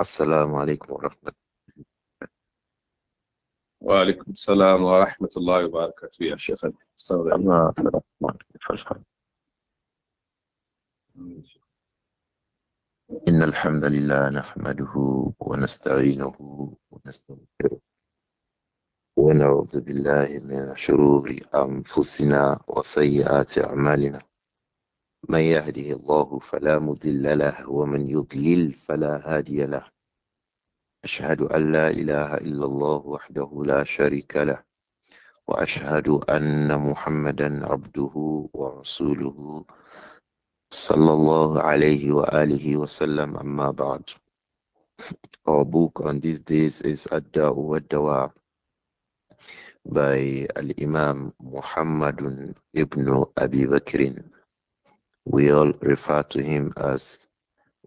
السلام عليكم ورحمة الله وعليكم السلام ورحمة الله وبركاته يا شيخ الله إن الحمد لله نحمده ونستعينه ونستغفره ونعوذ بالله من شرور أنفسنا وسيئات أعمالنا من يهده الله فلا مضل له ومن يضلل فلا هادي له أشهد أن لا إله إلا الله وحده لا شريك له وأشهد أن محمدا عبده ورسوله صلى الله عليه وآله وسلم أما بعد Our book on these days is Ad-Da'u by imam Muhammad ibn Abi Bakr. We all refer to him as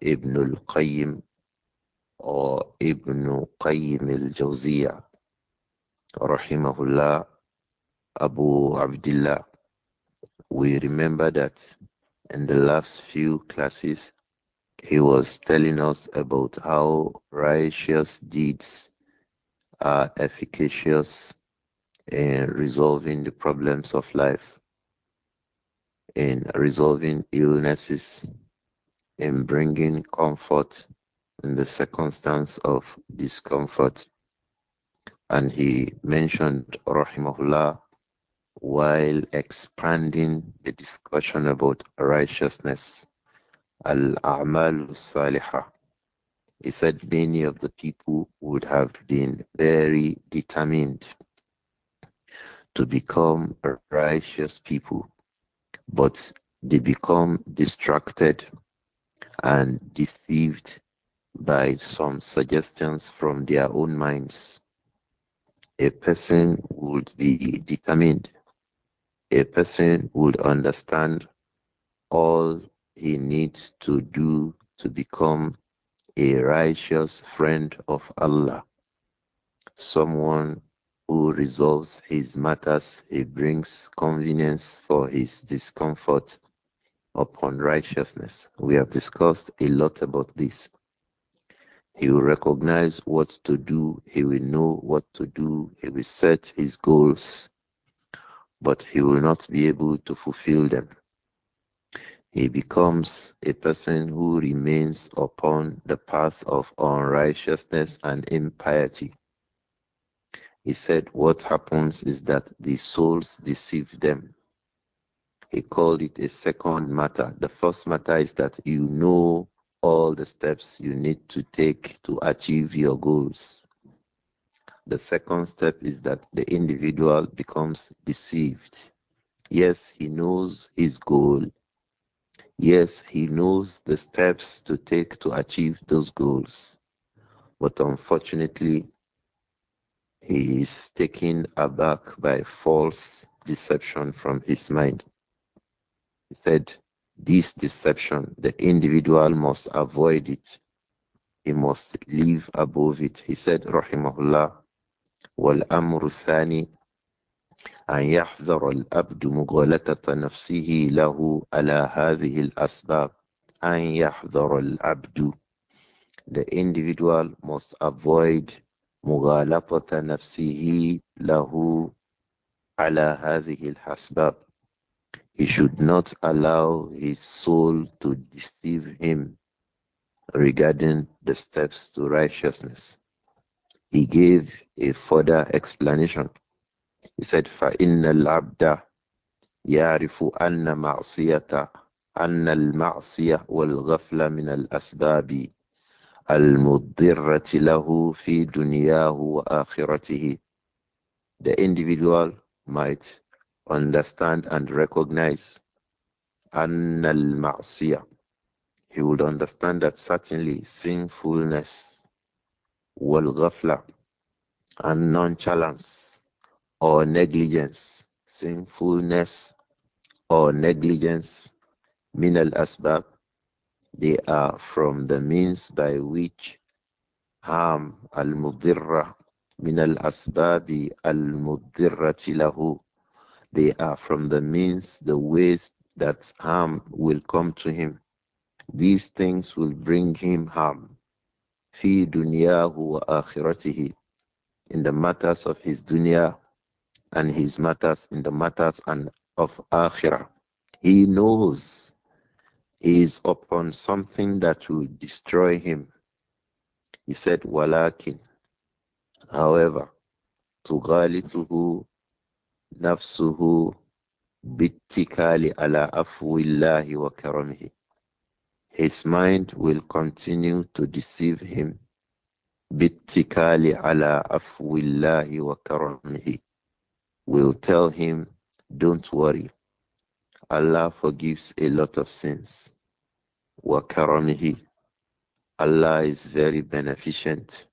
Ibn al-Qayyim or Ibn Qayyim al-Jawziyah rahimahullah Abu Abdullah we remember that in the last few classes he was telling us about how righteous deeds are efficacious in resolving the problems of life, in resolving illnesses, in bringing comfort in the circumstance of discomfort. And he mentioned Rahimahullah while expanding the discussion about righteousness. Al A'malu Salihah. He said many of the people would have been very determined to become righteous people, but they become distracted and deceived by some suggestions from their own minds. A person would be determined. A person would understand all he needs to do to become a righteous friend of Allah. Someone who resolves his matters, he brings convenience for his discomfort upon righteousness. We have discussed a lot about this. He will recognize what to do. He will know what to do. He will set his goals, but he will not be able to fulfill them. He becomes a person who remains upon the path of unrighteousness and impiety. He said, What happens is that the souls deceive them. He called it a second matter. The first matter is that you know all the steps you need to take to achieve your goals. The second step is that the individual becomes deceived. Yes, he knows his goal. Yes, he knows the steps to take to achieve those goals. But unfortunately, he is taken aback by false deception from his mind. He said, this deception, the individual must avoid it. He must live above it. He said, Rahimahullah, wal amru thani أن يحذر الأبد مغالطة نفسه له على هذه الأسباب أن يحذر الابد. The individual must avoid مغالطة نفسه له على هذه الأسباب he should not allow his soul to deceive him regarding the steps to righteousness. He gave a further explanation. He said, فَإِنَّ الْعَبْدَ يَعْرِفُ أَنَّ مَعْصِيَةَ أن المعصية والغفلة من الأسباب المضرة له في دنياه وآخرته. The individual might understand and recognize أن المعصية he would understand that certainly sinfulness wal-gafla and nonchalance or negligence sinfulness or negligence min al-asbab they are from the means by which harm al-mudirra min al-asbab al-mudirrati lahu they are from the means, the ways that harm will come to him. These things will bring him harm. Fi dunyahu wa akhiratihi. In the matters of his dunya and his matters, in the matters and of akhirah. He knows he is upon something that will destroy him. He said, Walakin. However, tuhu nafsuhu bittikali ala afwillahi wa His mind will continue to deceive him bittikali ala afwillahi wa Will tell him, don't worry. Allah forgives a lot of sins. Wa Allah is very beneficent.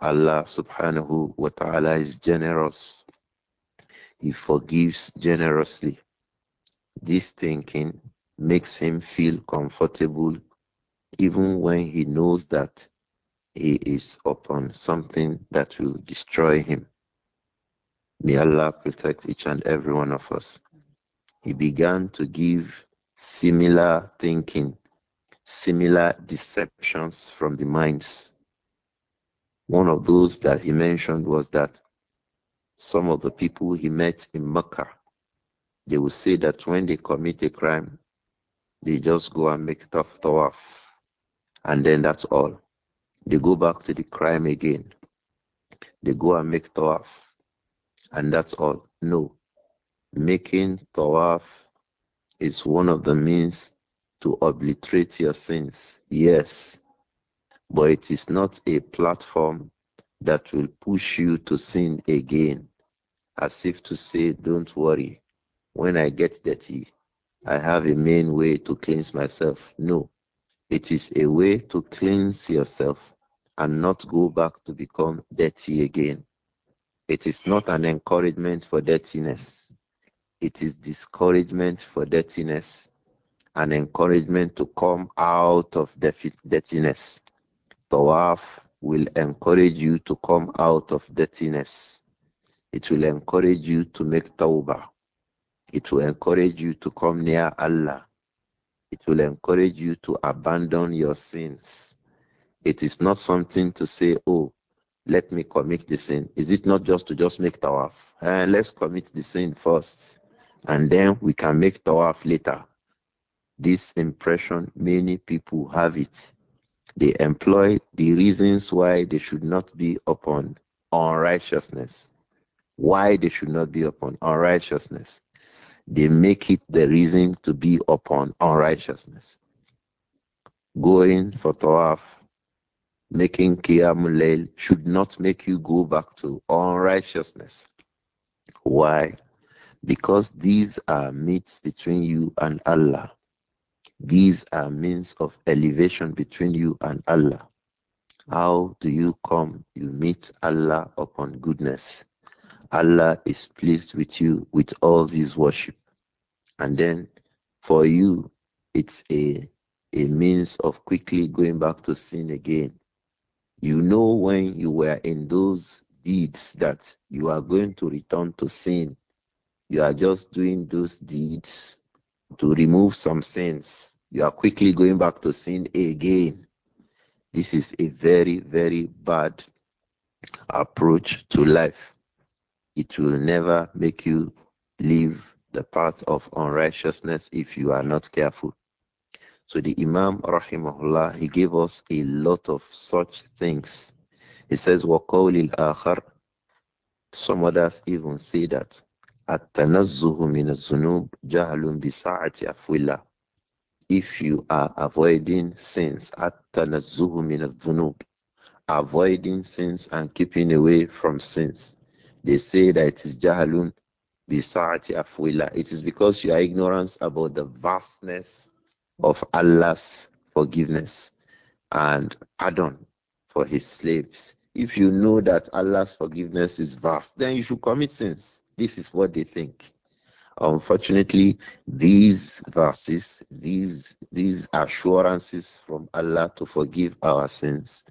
Allah subhanahu wa ta'ala is generous. He forgives generously. This thinking makes him feel comfortable even when he knows that he is upon something that will destroy him. May Allah protect each and every one of us. He began to give similar thinking, similar deceptions from the minds. One of those that he mentioned was that some of the people he met in Mecca, they will say that when they commit a crime, they just go and make tough tawaf, and then that's all. They go back to the crime again. They go and make tawaf, and that's all. No, making tawaf is one of the means to obliterate your sins. Yes, but it is not a platform that will push you to sin again as if to say, Don't worry, when I get dirty, I have a main way to cleanse myself. No, it is a way to cleanse yourself and not go back to become dirty again. It is not an encouragement for dirtiness, it is discouragement for dirtiness, an encouragement to come out of dirtiness. Tawaf will encourage you to come out of dirtiness. It will encourage you to make tawbah. It will encourage you to come near Allah. It will encourage you to abandon your sins. It is not something to say, oh, let me commit the sin. Is it not just to just make tawaf? Uh, let's commit the sin first, and then we can make tawaf later. This impression, many people have it. They employ the reasons why they should not be upon unrighteousness why they should not be upon unrighteousness. They make it the reason to be upon unrighteousness. Going for tawaf, making qiyamul should not make you go back to unrighteousness. Why? Because these are meets between you and Allah. These are means of elevation between you and Allah. How do you come? You meet Allah upon goodness. Allah is pleased with you with all this worship. And then for you, it's a, a means of quickly going back to sin again. You know when you were in those deeds that you are going to return to sin. You are just doing those deeds to remove some sins. You are quickly going back to sin again. This is a very, very bad approach to life. It will never make you leave the path of unrighteousness if you are not careful. So the Imam Rahimahullah, he gave us a lot of such things. He says, وَقَوْلِ الْآخَرِ Some others even say that التَّنَزُّهُ مِنَ الزُّنُوبِ جَهْلٌ بِسَاعَةِ أَفْوِلَّهِ If you are avoiding sins, التَّنَزُّهُ مِنَ zunub Avoiding sins and keeping away from sins. They say that it is jahalun bisa'ati afwila. It is because you are ignorance about the vastness of Allah's forgiveness and pardon for his slaves. If you know that Allah's forgiveness is vast, then you should commit sins. This is what they think. Unfortunately, these verses, these these assurances from Allah to forgive our sins,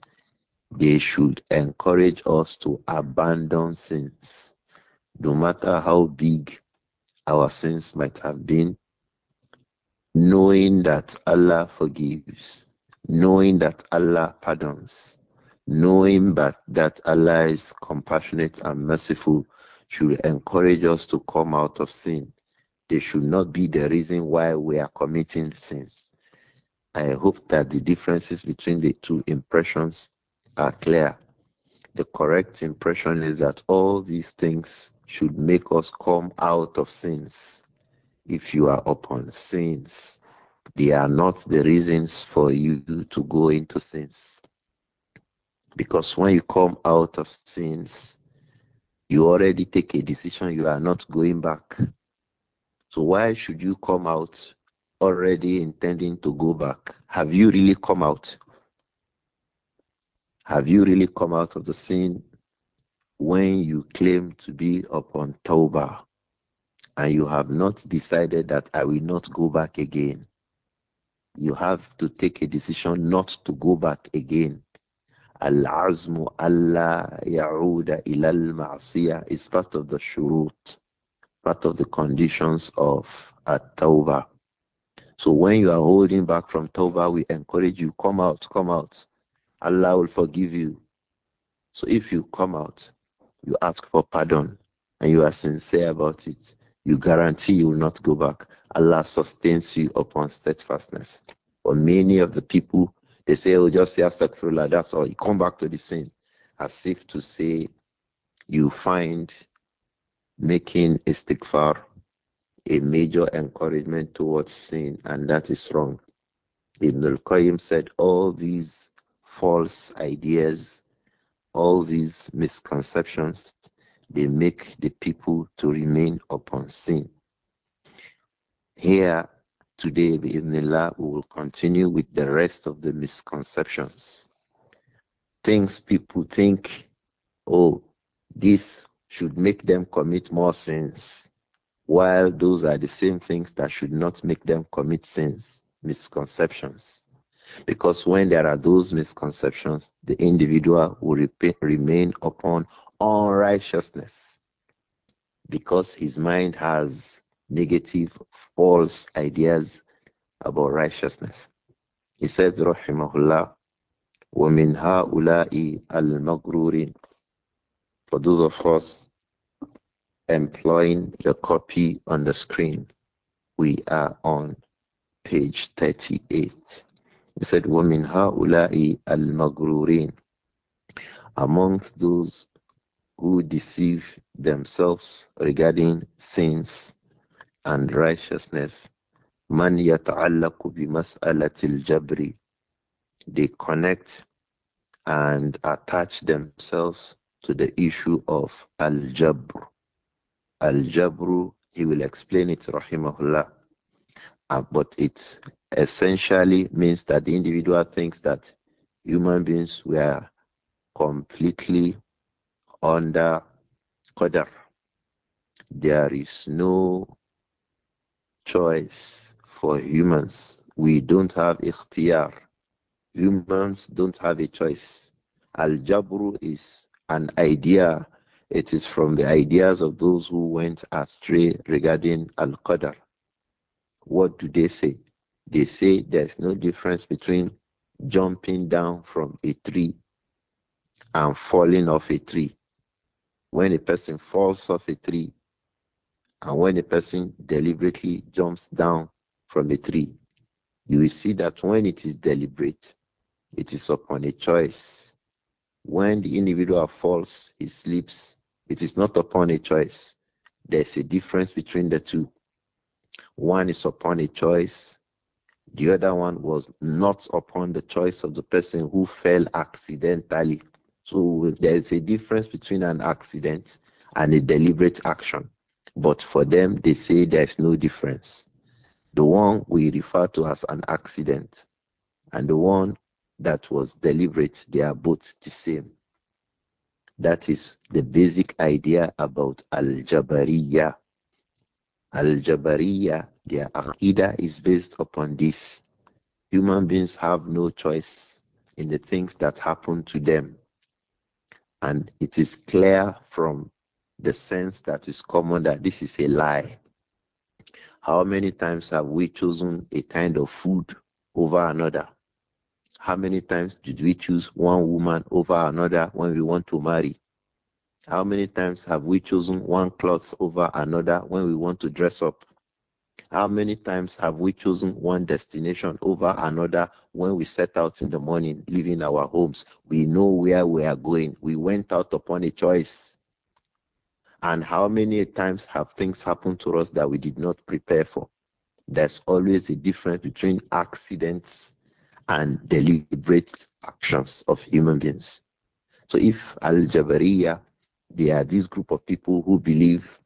they should encourage us to abandon sins. No matter how big our sins might have been, knowing that Allah forgives, knowing that Allah pardons, knowing that, that Allah is compassionate and merciful should encourage us to come out of sin. They should not be the reason why we are committing sins. I hope that the differences between the two impressions are clear. The correct impression is that all these things should make us come out of sins. If you are upon sins, they are not the reasons for you to go into sins. Because when you come out of sins, you already take a decision, you are not going back. So why should you come out already intending to go back? Have you really come out? Have you really come out of the sin when you claim to be upon Tawbah and you have not decided that I will not go back again? You have to take a decision not to go back again. Al-azmu Allah ya'uda ilal ma'siyah is part of the shurut, part of the conditions of at-tawbah. So when you are holding back from tawbah, we encourage you, come out, come out. Allah will forgive you. So if you come out, you ask for pardon, and you are sincere about it, you guarantee you will not go back. Allah sustains you upon steadfastness. But many of the people, they say, oh, just say astaghfirullah, that's all. You come back to the sin. As if to say, you find making istighfar a major encouragement towards sin, and that is wrong. Ibn al-Qayyim said all these false ideas, all these misconceptions, they make the people to remain upon sin. Here today, Allah, we will continue with the rest of the misconceptions. Things people think, oh, this should make them commit more sins, while those are the same things that should not make them commit sins, misconceptions. Because when there are those misconceptions, the individual will remain upon unrighteousness because his mind has negative, false ideas about righteousness. He says, Rahimahullah, وَمِنْ al الْمَغْرُورِينَ For those of us employing the copy on the screen, we are on page 38. He said, Women Haulai al Magrurin. Amongst those who deceive themselves regarding sins and righteousness, Man yata'allaku bi jabri. They connect and attach themselves to the issue of al-jabr. Al-jabru, he will explain it, rahimahullah uh, but it essentially means that the individual thinks that human beings were completely under Qadar. There is no choice for humans. We don't have ikhtiyar. Humans don't have a choice. Al Jabru is an idea. It is from the ideas of those who went astray regarding Al Qadar. What do they say? They say there's no difference between jumping down from a tree and falling off a tree. When a person falls off a tree and when a person deliberately jumps down from a tree, you will see that when it is deliberate, it is upon a choice. When the individual falls, he slips. It is not upon a choice. There's a difference between the two. One is upon a choice, the other one was not upon the choice of the person who fell accidentally. So there is a difference between an accident and a deliberate action. But for them, they say there is no difference. The one we refer to as an accident and the one that was deliberate, they are both the same. That is the basic idea about Al Jabariya. Al Jabariya their Aqidah is based upon this. Human beings have no choice in the things that happen to them. And it is clear from the sense that is common that this is a lie. How many times have we chosen a kind of food over another? How many times did we choose one woman over another when we want to marry? How many times have we chosen one cloth over another when we want to dress up? How many times have we chosen one destination over another when we set out in the morning, leaving our homes? We know where we are going. We went out upon a choice. And how many times have things happened to us that we did not prepare for? There's always a difference between accidents and deliberate actions of human beings. So if Al Jabariya, they are this group of people who believe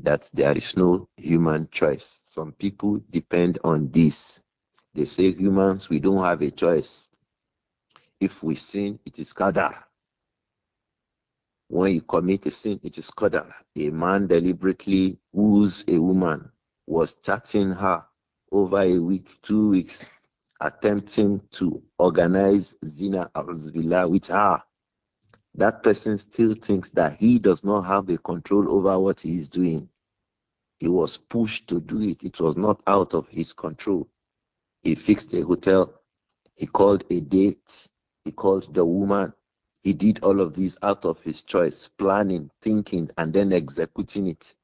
that there is no human choice. Some people depend on this. They say humans, we don't have a choice. If we sin, it is qadar. When you commit a sin, it is qadar. A man deliberately woos a woman, was chatting her over a week, two weeks, attempting to organize zina with her that person still thinks that he does not have a control over what he is doing. He was pushed to do it, it was not out of his control. He fixed a hotel, he called a date, he called the woman. He did all of this out of his choice, planning, thinking, and then executing it.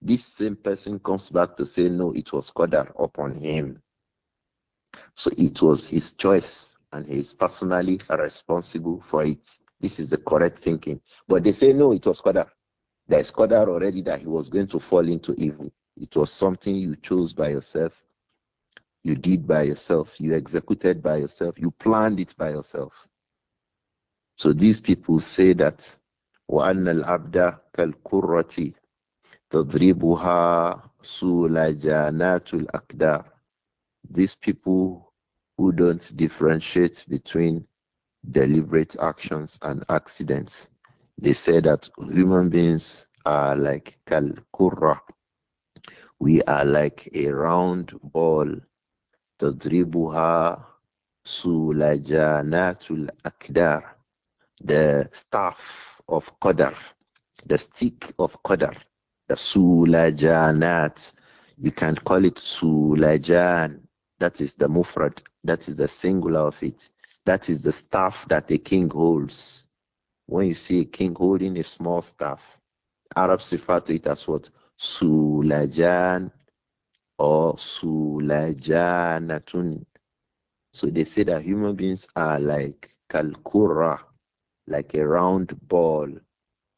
This same person comes back to say, No, it was Qadar upon him. So it was his choice, and he is personally responsible for it. This is the correct thinking. But they say, no, it was Qadar. There is Qadar already that he was going to fall into evil. It was something you chose by yourself. You did by yourself. You executed by yourself. You planned it by yourself. So these people say that وأن العبد كالكرة تضربها سولجانات الأقدار These people who don't differentiate between deliberate actions and accidents. They say that human beings are like Kalkura. We are like a round ball. تضربها سلجانات akdar, the staff of Qadar, the stick of Qadar, the Sulajanat. You can call it Sulajan. That is the mufrad. That is the singular of it. That is the staff that a king holds. When you see a king holding a small staff, Arabs refer to it as what? Sulajan or Sulajanatun. So they say that human beings are like kalkura, like a round ball.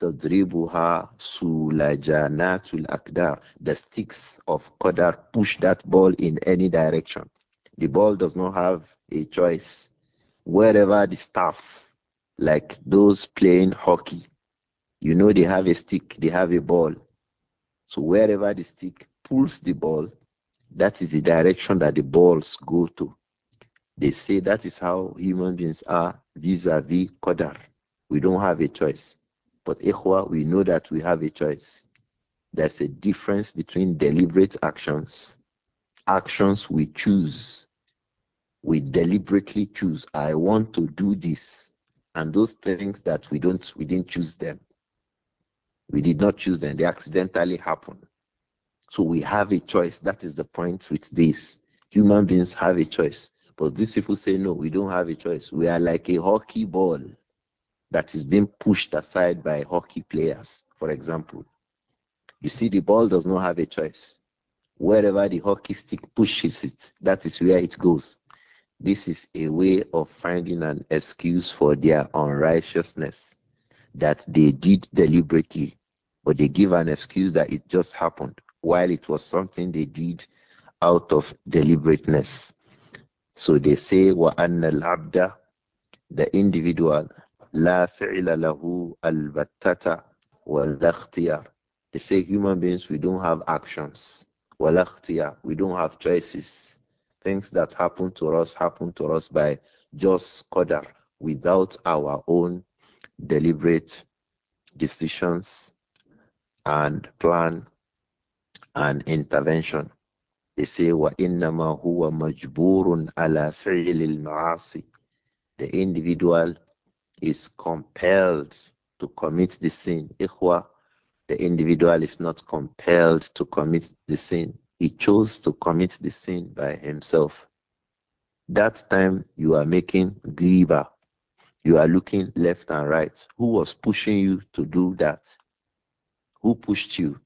تضربها سلجانات akdar. The sticks of Qadar push that ball in any direction. The ball does not have a choice wherever the staff, like those playing hockey, you know they have a stick, they have a ball. So wherever the stick pulls the ball, that is the direction that the balls go to. They say that is how human beings are vis-a-vis -vis Qadar. We don't have a choice. But Ikhwa, we know that we have a choice. There's a difference between deliberate actions, actions we choose, we deliberately choose i want to do this and those things that we don't we didn't choose them we did not choose them they accidentally happen so we have a choice that is the point with this human beings have a choice but these people say no we don't have a choice we are like a hockey ball that is being pushed aside by hockey players for example you see the ball does not have a choice wherever the hockey stick pushes it that is where it goes this is a way of finding an excuse for their unrighteousness that they did deliberately, but they give an excuse that it just happened while it was something they did out of deliberateness. So they say, wa وَأَنَّ الْعَبْدَ The individual, لَا فِعْلَ لَهُ الْبَتَّةَ وَالْاخْتِيَارِ They say human beings, we don't have actions. وَالْاخْتِيَارِ We don't have choices. Things that happen to us happen to us by just qadar, without our own deliberate decisions and plan and intervention. They say wa innama huwa majburun ala fi'lil The individual is compelled to commit the sin. Ikhwa, the individual is not compelled to commit the sin. He chose to commit the sin by himself. That time you are making ghibah. You are looking left and right. Who was pushing you to do that? Who pushed you?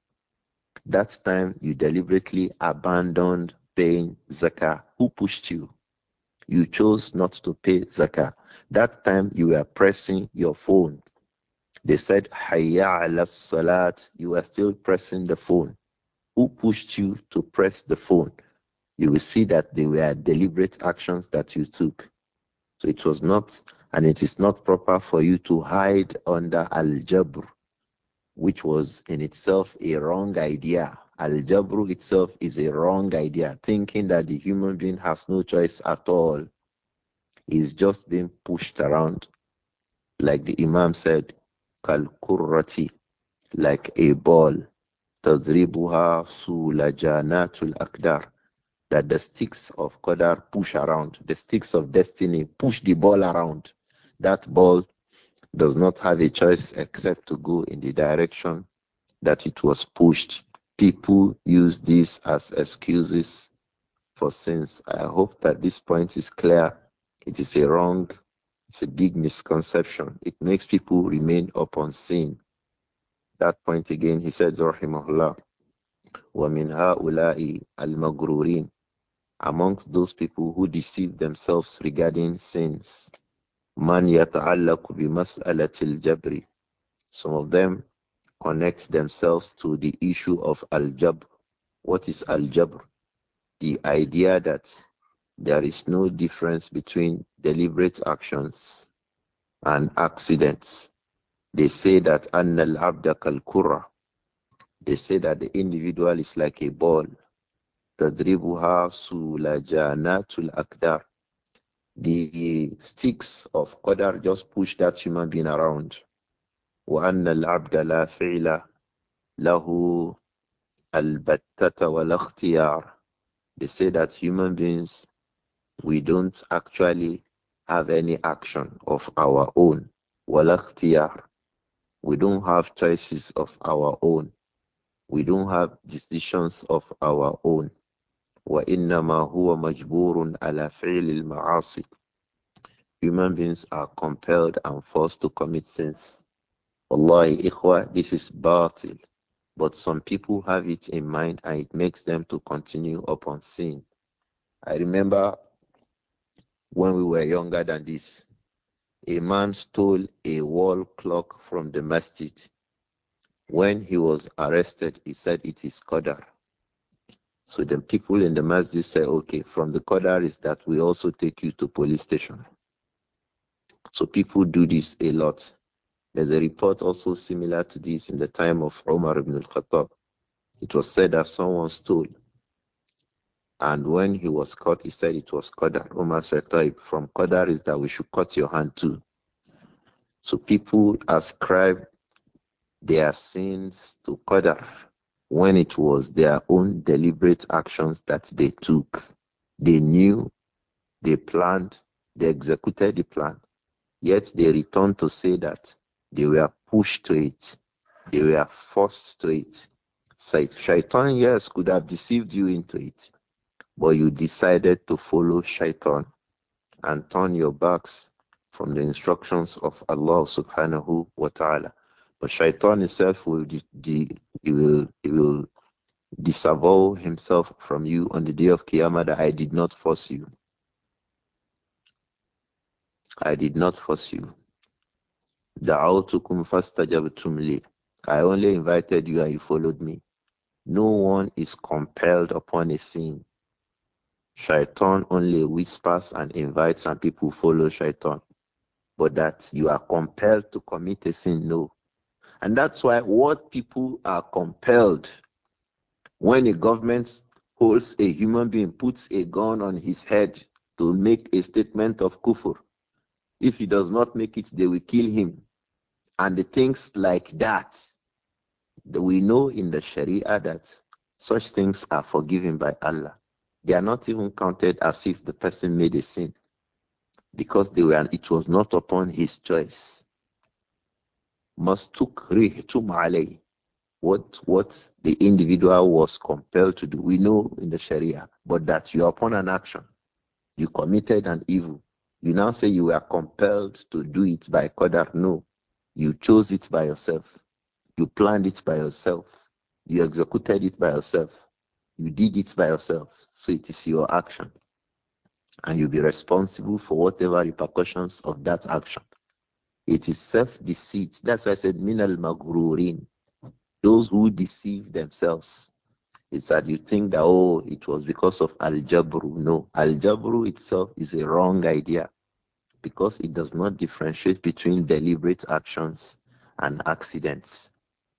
That time you deliberately abandoned paying zakah. Who pushed you? You chose not to pay zakah. That time you were pressing your phone. They said, Hayya ala salat. You were still pressing the phone who pushed you to press the phone, you will see that they were deliberate actions that you took. So it was not, and it is not proper for you to hide under Al Jabr, which was in itself a wrong idea. Al Jabr itself is a wrong idea, thinking that the human being has no choice at all. He is just being pushed around. Like the Imam said, Kalkurati, like a ball تَضْرِبُهَا سُولَجَانَاتُ الْأَقْدَارِ That the sticks of Qadar push around, the sticks of destiny push the ball around. That ball does not have a choice except to go in the direction that it was pushed. People use this as excuses for sins. I hope that this point is clear. It is a wrong, it's a big misconception. It makes people remain upon sin. That point again, he said, Rahimahullah, وَمِنْ هَؤُلَاءِ الْمَغْرُورِينَ Amongst those people who deceive themselves regarding sins. مَنْ يَتَعَلَّقُ بِمَسْأَلَةِ الْجَبْرِ Some of them connect themselves to the issue of al-jabr. What is al-jabr? The idea that there is no difference between deliberate actions and accidents. They say that Annal Abda Kalkura. They say that the individual is like a ball. Tadribuha Sulajanatul Akdar. The sticks of Qadar just push that human being around. al-Abda la fila فعل al battata wal اختيار. They say that human beings, we don't actually have any action of our own. Wal اختيار. We don't have choices of our own. We don't have decisions of our own. Human beings are compelled and forced to commit sins. Allah ikhwa, this is batil. But some people have it in mind and it makes them to continue upon sin. I remember when we were younger than this, a man stole a wall clock from the masjid. When he was arrested, he said it is Qadar. So the people in the masjid say, okay, from the Qadar is that we also take you to police station. So people do this a lot. There's a report also similar to this in the time of Omar ibn al-Khattab. It was said that someone stole and when he was caught, he said it was Qadar. Umar said, Taib, from Qadar is that we should cut your hand too. So people ascribe their sins to Qadar when it was their own deliberate actions that they took. They knew, they planned, they executed the plan, yet they returned to say that they were pushed to it, they were forced to it. Shaitan, yes, could have deceived you into it. But you decided to follow shaitan and turn your backs from the instructions of Allah subhanahu wa ta'ala. But shaitan himself will, he will, he will disavow himself from you on the day of Qiyamah that I did not force you. I did not force you. li. I only invited you and you followed me. No one is compelled upon a sin. Shaitan only whispers and invites, and people follow Shaitan. But that you are compelled to commit a sin, no. And that's why what people are compelled when a government holds a human being, puts a gun on his head to make a statement of kufr. If he does not make it, they will kill him. And the things like that, we know in the Sharia that such things are forgiven by Allah. They are not even counted as if the person made a sin because they were it was not upon his choice. Mastukrihtum alayh. What what the individual was compelled to do. We know in the Sharia, but that you are upon an action. You committed an evil. You now say you were compelled to do it by Qadar. No. You chose it by yourself. You planned it by yourself. You executed it by yourself. You did it by yourself, so it is your action. And you'll be responsible for whatever repercussions of that action. It is self deceit. That's why I said, Minal Magururin, those who deceive themselves. It's that you think that, oh, it was because of Al Jabru. No, Al Jabru itself is a wrong idea because it does not differentiate between deliberate actions and accidents.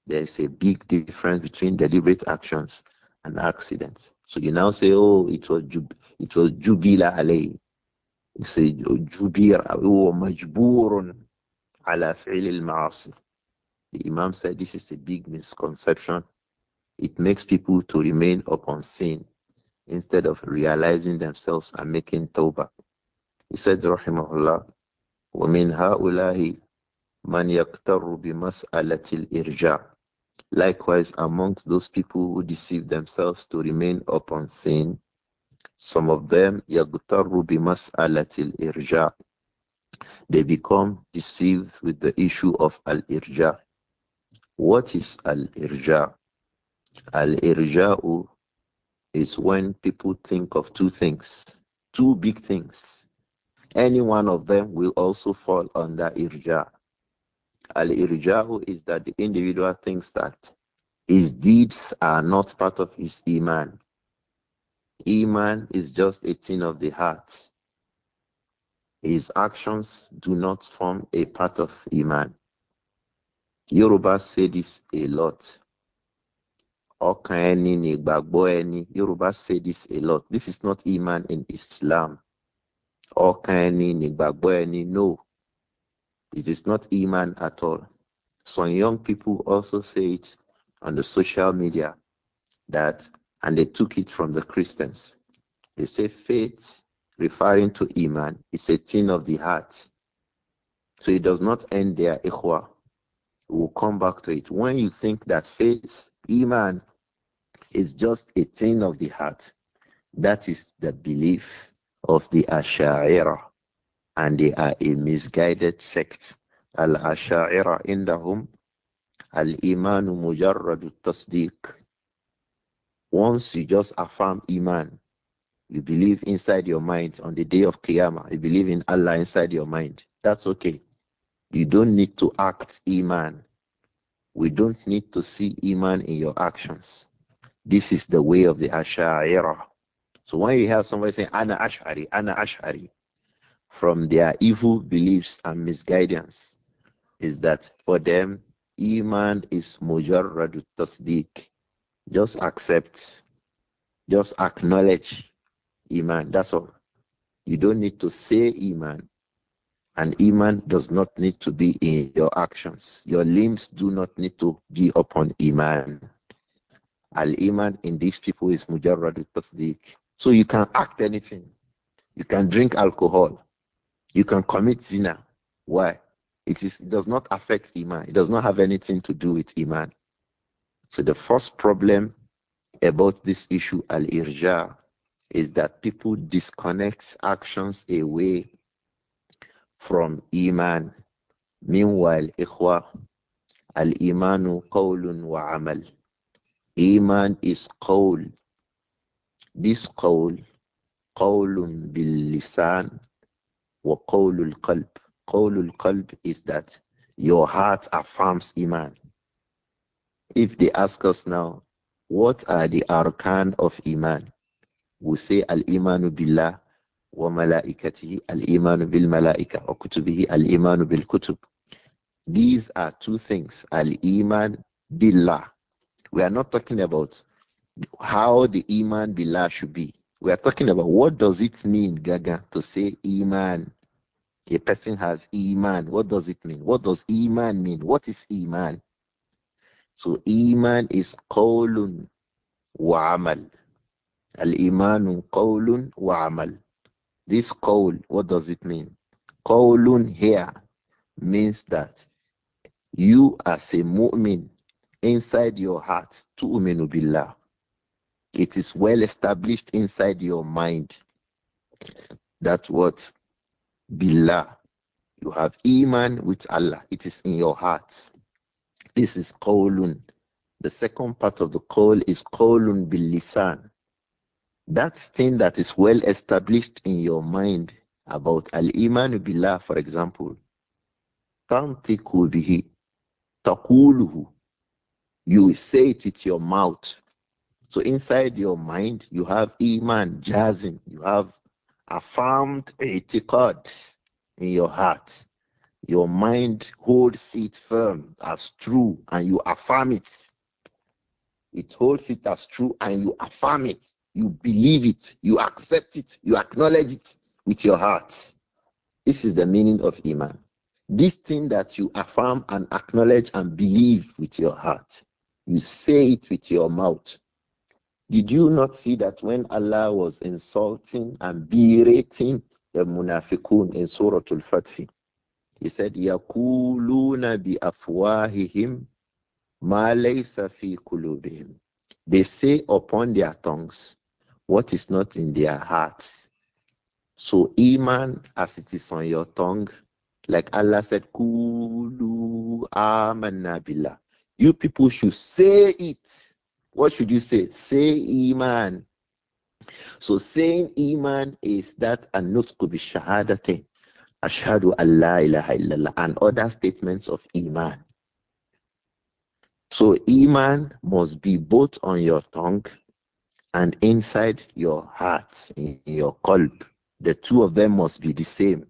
There is a big difference between deliberate actions an accident. So you now say, oh, it was jub it was jubila alay. You say oh, jubira or oh, majburun ala fi'l al-ma'asi. The Imam said this is a big misconception. It makes people to remain upon sin instead of realizing themselves and making tawbah. He said, rahimahullah, ومن هؤلاء من يقتر بمسألة الإرجاع Likewise, amongst those people who deceive themselves to remain upon sin, some of them, يَغْتَرُّ alatil irja. They become deceived with the issue of al-irja. What is al-irja? Al-irja'u is when people think of two things, two big things. Any one of them will also fall under irja. Al irjahu is that the individual thinks that his deeds are not part of his iman. Iman is just a thing of the heart. His actions do not form a part of iman. Yoruba say this a lot. Ọkàn ni ìgbàgbọ́ Yoruba say this a lot. This is not iman in Islam. Ọkàn ni ìgbàgbọ́ No. It is not Iman at all. Some young people also say it on the social media that, and they took it from the Christians. They say faith, referring to Iman, is a thing of the heart. So it does not end there, Ikhwa. We'll come back to it. When you think that faith, Iman, is just a thing of the heart, that is the belief of the Ash'ara and they are a misguided sect. Al Asha'ira indahum Al Iman Mujarradu Tasdiq. Once you just affirm Iman, you believe inside your mind on the day of Qiyamah, you believe in Allah inside your mind. That's okay. You don't need to act Iman. We don't need to see Iman in your actions. This is the way of the Asha'ira. So when you hear somebody saying, Ana Ash'ari, Ana Ash'ari, from their evil beliefs and misguidance is that for them, Iman is mujarradu tasdik. Just accept, just acknowledge Iman. That's all. You don't need to say Iman. And Iman does not need to be in your actions. Your limbs do not need to be upon Iman. Al Iman in these people is mujarradu tasdik. So you can act anything. You can drink alcohol. You can commit zina. Why? It, is, it does not affect Iman. It does not have anything to do with Iman. So the first problem about this issue, al-irja, is that people disconnect actions away from Iman. Meanwhile, ikhwa, al-imanu qawlun wa amal. Iman is qawl. This qawl, qawlun bil-lisan, وَقَوْلُ الْقَلْبِ قَوْلُ الْقَلْبِ is that your heart affirms Iman. If they ask us now, what are the arkan of Iman? We say Al-Imanu Billah wa Malaikatihi, Al-Imanu Bil Malaika, Kutubihi, Al-Imanu Bil Kutub. These are two things, Al-Iman Billah. We are not talking about how the Iman Billah should be. We are talking about what does it mean, Gaga, to say Iman a person has Iman. What does it mean? What does Iman mean? What is Iman? So Iman is Qawlun wa Amal. Al Imanu Qawlun wa Amal. This Qawl, what does it mean? Qawlun here means that you as a mu'min inside your heart, tu'minu billah. It is well established inside your mind that what Billah. You have Iman with Allah. It is in your heart. This is Qawlun. The second part of the call is Qawlun Billisan. That thing that is well established in your mind about Al Iman Billah, for example. Tantiku bihi. takulhu. You say it with your mouth. So inside your mind, you have Iman, Jazim, you have affirmed i'tiqad in your heart. Your mind holds it firm as true and you affirm it. It holds it as true and you affirm it. You believe it. You accept it. You acknowledge it with your heart. This is the meaning of Iman. This thing that you affirm and acknowledge and believe with your heart, you say it with your mouth, did you not see that when Allah was insulting and berating the munafiqun in Surah Al-Fatih, He said, bi بِأَفْوَاهِهِمْ مَا لَيْسَ fi kulubihim." They say upon their tongues what is not in their hearts. So iman as it is on your tongue, like Allah said, Kulu amanabila. You people should say it. What should you say? Say Iman. So saying Iman is that a note bi be Ashhadu Ashadu Allah ilaha illallah and other statements of Iman. So Iman must be both on your tongue and inside your heart, in your qalb. The two of them must be the same.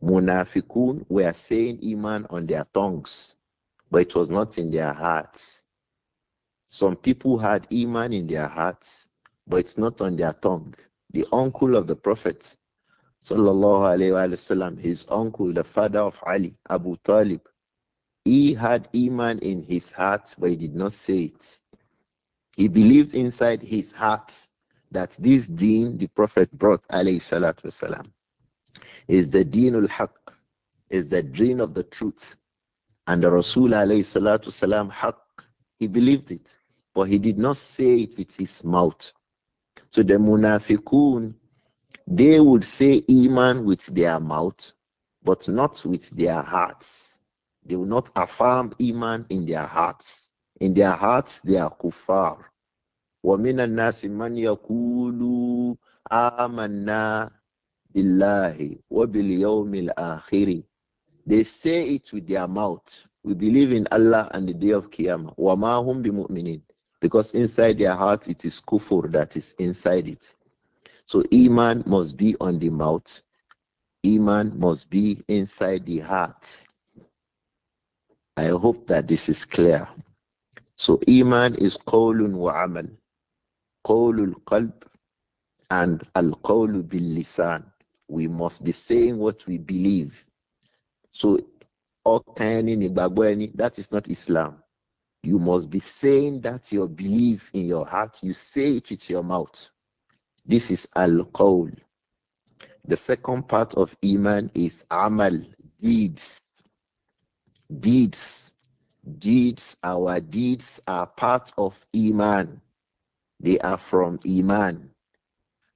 Munafikun were saying Iman on their tongues, but it was not in their hearts. Some people had Iman in their hearts, but it's not on their tongue. The uncle of the Prophet, sallallahu alayhi wasallam, his uncle, the father of Ali, Abu Talib, he had Iman in his heart, but he did not say it. He believed inside his heart that this deen the Prophet brought, alayhi salatu wasalam, is the deenul haq, is the deen of the truth. And the Rasul, alayhi salatu wasalam, haq he believed it, but he did not say it with his mouth. So the munafiqun, they would say iman with their mouth, but not with their hearts. They will not affirm iman in their hearts. In their hearts, they are kuffar. ومن الناس من يقول آمنا بالله وباليوم الآخر they say it with their mouth we believe in Allah and the day of Qiyamah. Because inside their heart, it is kufur that is inside it. So Iman must be on the mouth. Iman must be inside the heart. I hope that this is clear. So Iman is qawlun wa amal. Qawlul qalb and al qawlu bil lisan. We must be saying what we believe. So that is not Islam. You must be saying that you believe in your heart, you say it with your mouth. This is al qawl. The second part of Iman is Amal, deeds. Deeds. Deeds, our deeds are part of Iman. They are from Iman.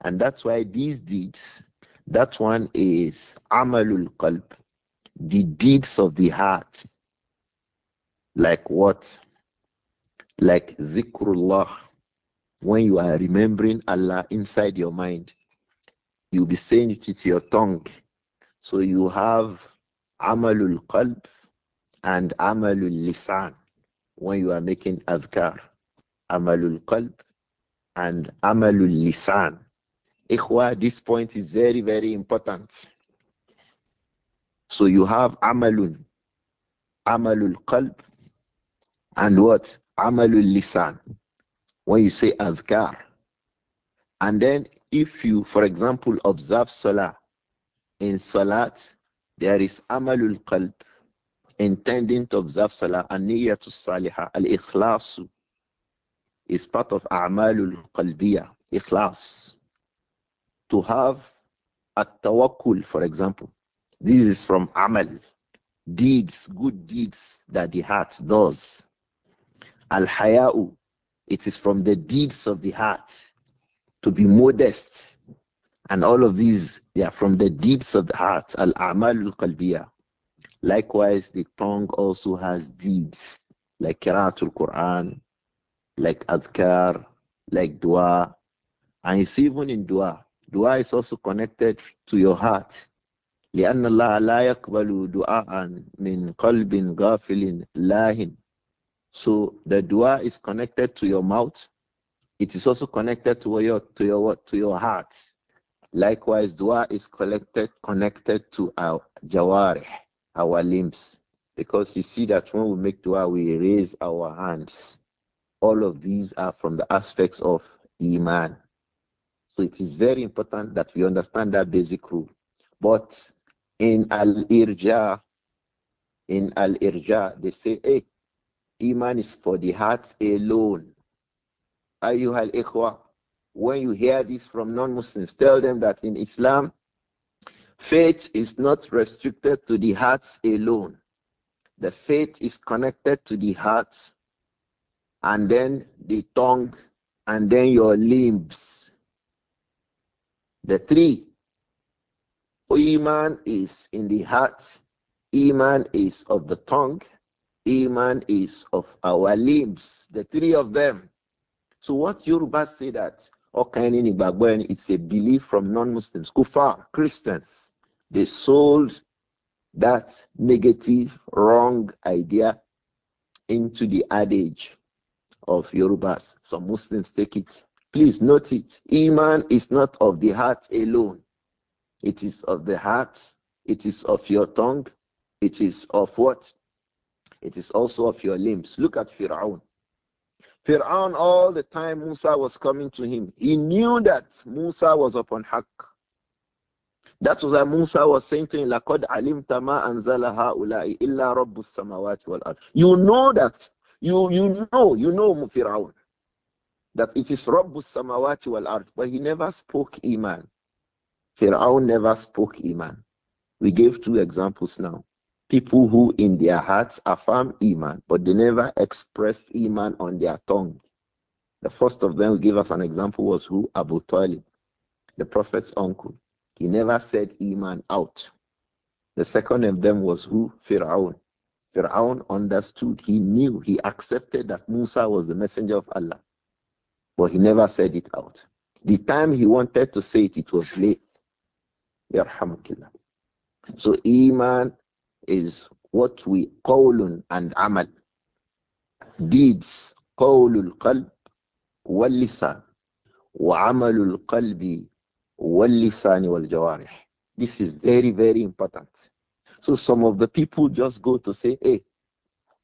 And that's why these deeds, that one is Amalul Qalb the deeds of the heart. Like what? Like zikrullah. When you are remembering Allah inside your mind, you'll be saying it with your tongue. So you have amalul qalb and amalul lisan when you are making azkar. Amalul qalb and amalul lisan. Ikhwa, this point is very, very important. So you have amalun, amalul qalb, and what? Amalul lisan. When you say azkar. And then if you, for example, observe salah, in salat, there is amalul qalb, intending to observe salah, and to salihah, al-ikhlasu, is part of a'malul qalbiyah, ikhlas. To have at tawakkul, for example, this is from Amal. Deeds, good deeds that the heart does. Al Haya'u, it is from the deeds of the heart to be modest. And all of these, they are from the deeds of the heart. Al Amal al-kalbiya. Likewise, the tongue also has deeds, like Qira'atul Quran, like Adhkar, like Dua. And it's even in Dua. Dua is also connected to your heart لأن الله لا يقبل دعاء من قلب غافل so the dua is connected to your mouth. It is also connected to your to your to your heart. Likewise, dua is connected connected to our jawari, our limbs, because you see that when we make dua, we raise our hands. All of these are from the aspects of iman. So it is very important that we understand that basic rule. But in Al Irja, in Al Irja, they say, hey, Iman is for the heart alone. Ayyuhal Ikhwa, when you hear this from non Muslims, tell them that in Islam, faith is not restricted to the hearts alone. The faith is connected to the hearts and then the tongue and then your limbs. The three Iman is in the heart, Iman is of the tongue, Iman is of our limbs, the three of them. So what Yoruba say that it's a belief from non-Muslims, Kufar, Christians. They sold that negative, wrong idea into the adage of Yorubas. Some Muslims take it. Please note it. Iman is not of the heart alone. It is of the heart. It is of your tongue. It is of what? It is also of your limbs. Look at Fir'aun. Fir'aun, all the time Musa was coming to him, he knew that Musa was upon Haqq. That was why Musa was saying to him, You know that. You, you know, you know Fir'aun. That it Samawati wal Ard. But he never spoke Iman. Pharaoh never spoke Iman. We gave two examples now. People who in their hearts affirm Iman, but they never expressed Iman on their tongue. The first of them who gave us an example was who? Abu Talib, the Prophet's uncle. He never said Iman out. The second of them was who? Pharaoh. Pharaoh understood, he knew, he accepted that Musa was the messenger of Allah. But he never said it out. The time he wanted to say it, it was late. Yarhamukillah. So Iman is what we qawlun and amal. Deeds, qawlul qalb wal lisan wa amalul qalbi wal lisan wal jawarih. This is very, very important. So some of the people just go to say, hey,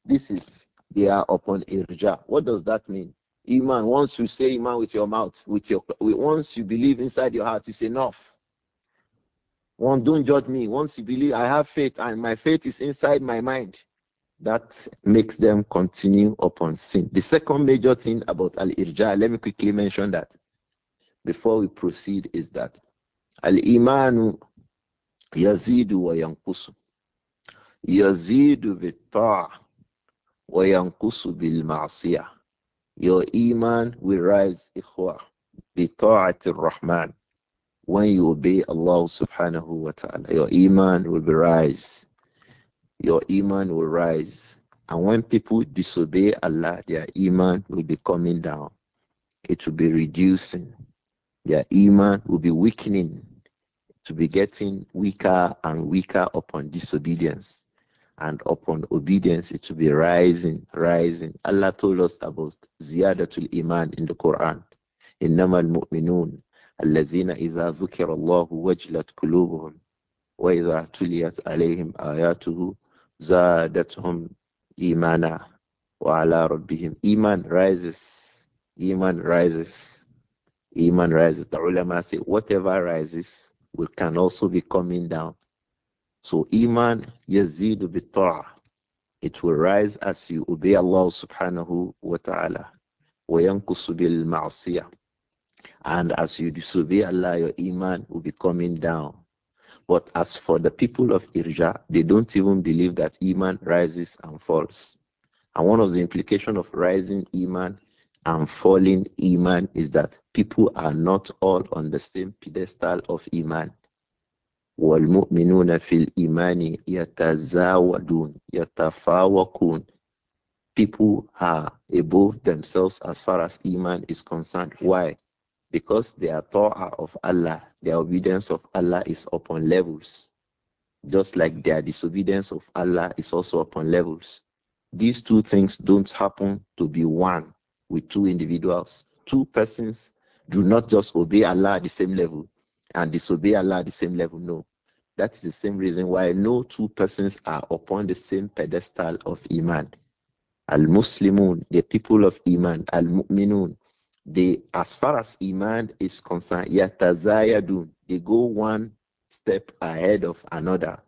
this is, they are upon irja. What does that mean? Iman, once you say Iman with your mouth, with your, once you believe inside your heart, it's enough one, don't judge me. Once you believe, I have faith, and my faith is inside my mind. That makes them continue upon sin. The second major thing about Al Irja, let me quickly mention that before we proceed, is that Al Imanu Yazidu wa Yankusu. Yazidu bitta'a wa yankusu bil Your iman will rise, Ikhwa, bi ta'ati rahman when you obey Allah subhanahu wa ta'ala, your iman will be rise. Your iman will rise. And when people disobey Allah, their iman will be coming down. It will be reducing. Their iman will be weakening. To be getting weaker and weaker upon disobedience. And upon obedience, it will be rising, rising. Allah told us about ziyadatul iman in the Quran. إنما المؤمنون الذين إذا ذكر الله وجلت قلوبهم وإذا تليت عليهم آياته زادتهم إيمانا وعلى ربهم إيمان rises إيمان rises إيمان rises. The ulama say whatever rises will can also be coming down. So إيمان يزيد bitta'ah. It will rise as you obey Allah subhanahu wa ta'ala. وَيَنْقُصُ بِالْمَعْصِيَةِ and as you disobey Allah, your iman will be coming down. But as for the people of Irja, they don't even believe that iman rises and falls. And one of the implications of rising iman and falling iman is that people are not all on the same pedestal of iman. والمؤمنون في الإيمان يتزاودون يتفاوقون people are above themselves as far as iman is concerned why because their Torah of Allah, their obedience of Allah is upon levels, just like their disobedience of Allah is also upon levels. These two things don't happen to be one with two individuals. Two persons do not just obey Allah at the same level and disobey Allah at the same level. No. That is the same reason why no two persons are upon the same pedestal of Iman. Al Muslimun, the people of Iman, Al Mu'minun, they, as far as Iman is concerned, yatazayadun, they go one step ahead of another.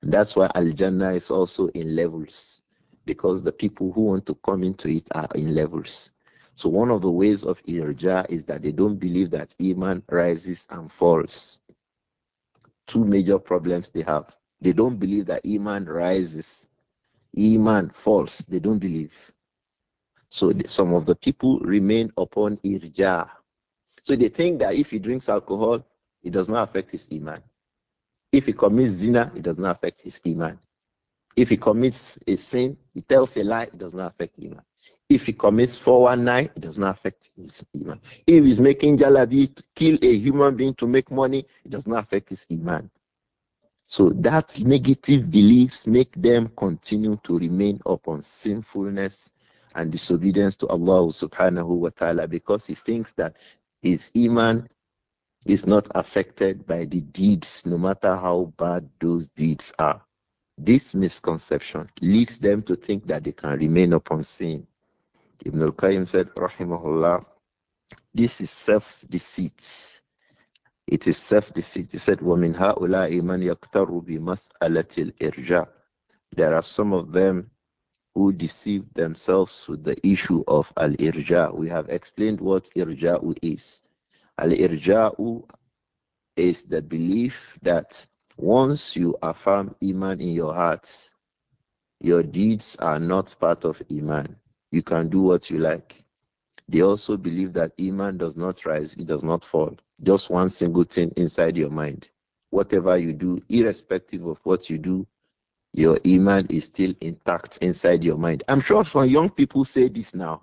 And that's why Al Jannah is also in levels, because the people who want to come into it are in levels. So one of the ways of irja is that they don't believe that iman rises and falls. Two major problems they have. They don't believe that iman rises, iman falls. They don't believe. So some of the people remain upon irja. So they think that if he drinks alcohol, it does not affect his iman. If he commits zina, it does not affect his iman. If he commits a sin, he tells a lie, it does not affect iman. If he commits 419, it does not affect his iman. If he's making jalabi to kill a human being to make money, it does not affect his iman. So that negative beliefs make them continue to remain upon sinfulness and disobedience to Allah subhanahu wa ta'ala because he thinks that his iman is not affected by the deeds, no matter how bad those deeds are. This misconception leads them to think that they can remain upon sin. Ibn al-Qayyim said, Rahimahullah, this is self-deceit. It is self-deceit. He said, وَمِنْ هَؤُلَاءِ مَنْ يَقْتَرُ بِمَسْأَلَةِ الْإِرْجَاءِ There are some of them who deceived themselves with the issue of al irja. We have explained what irja is. Al irja is the belief that once you affirm iman in your heart, your deeds are not part of iman. You can do what you like. They also believe that iman does not rise, it does not fall. Just one single thing inside your mind. Whatever you do, irrespective of what you do, your iman is still intact inside your mind. I'm sure some young people say this now.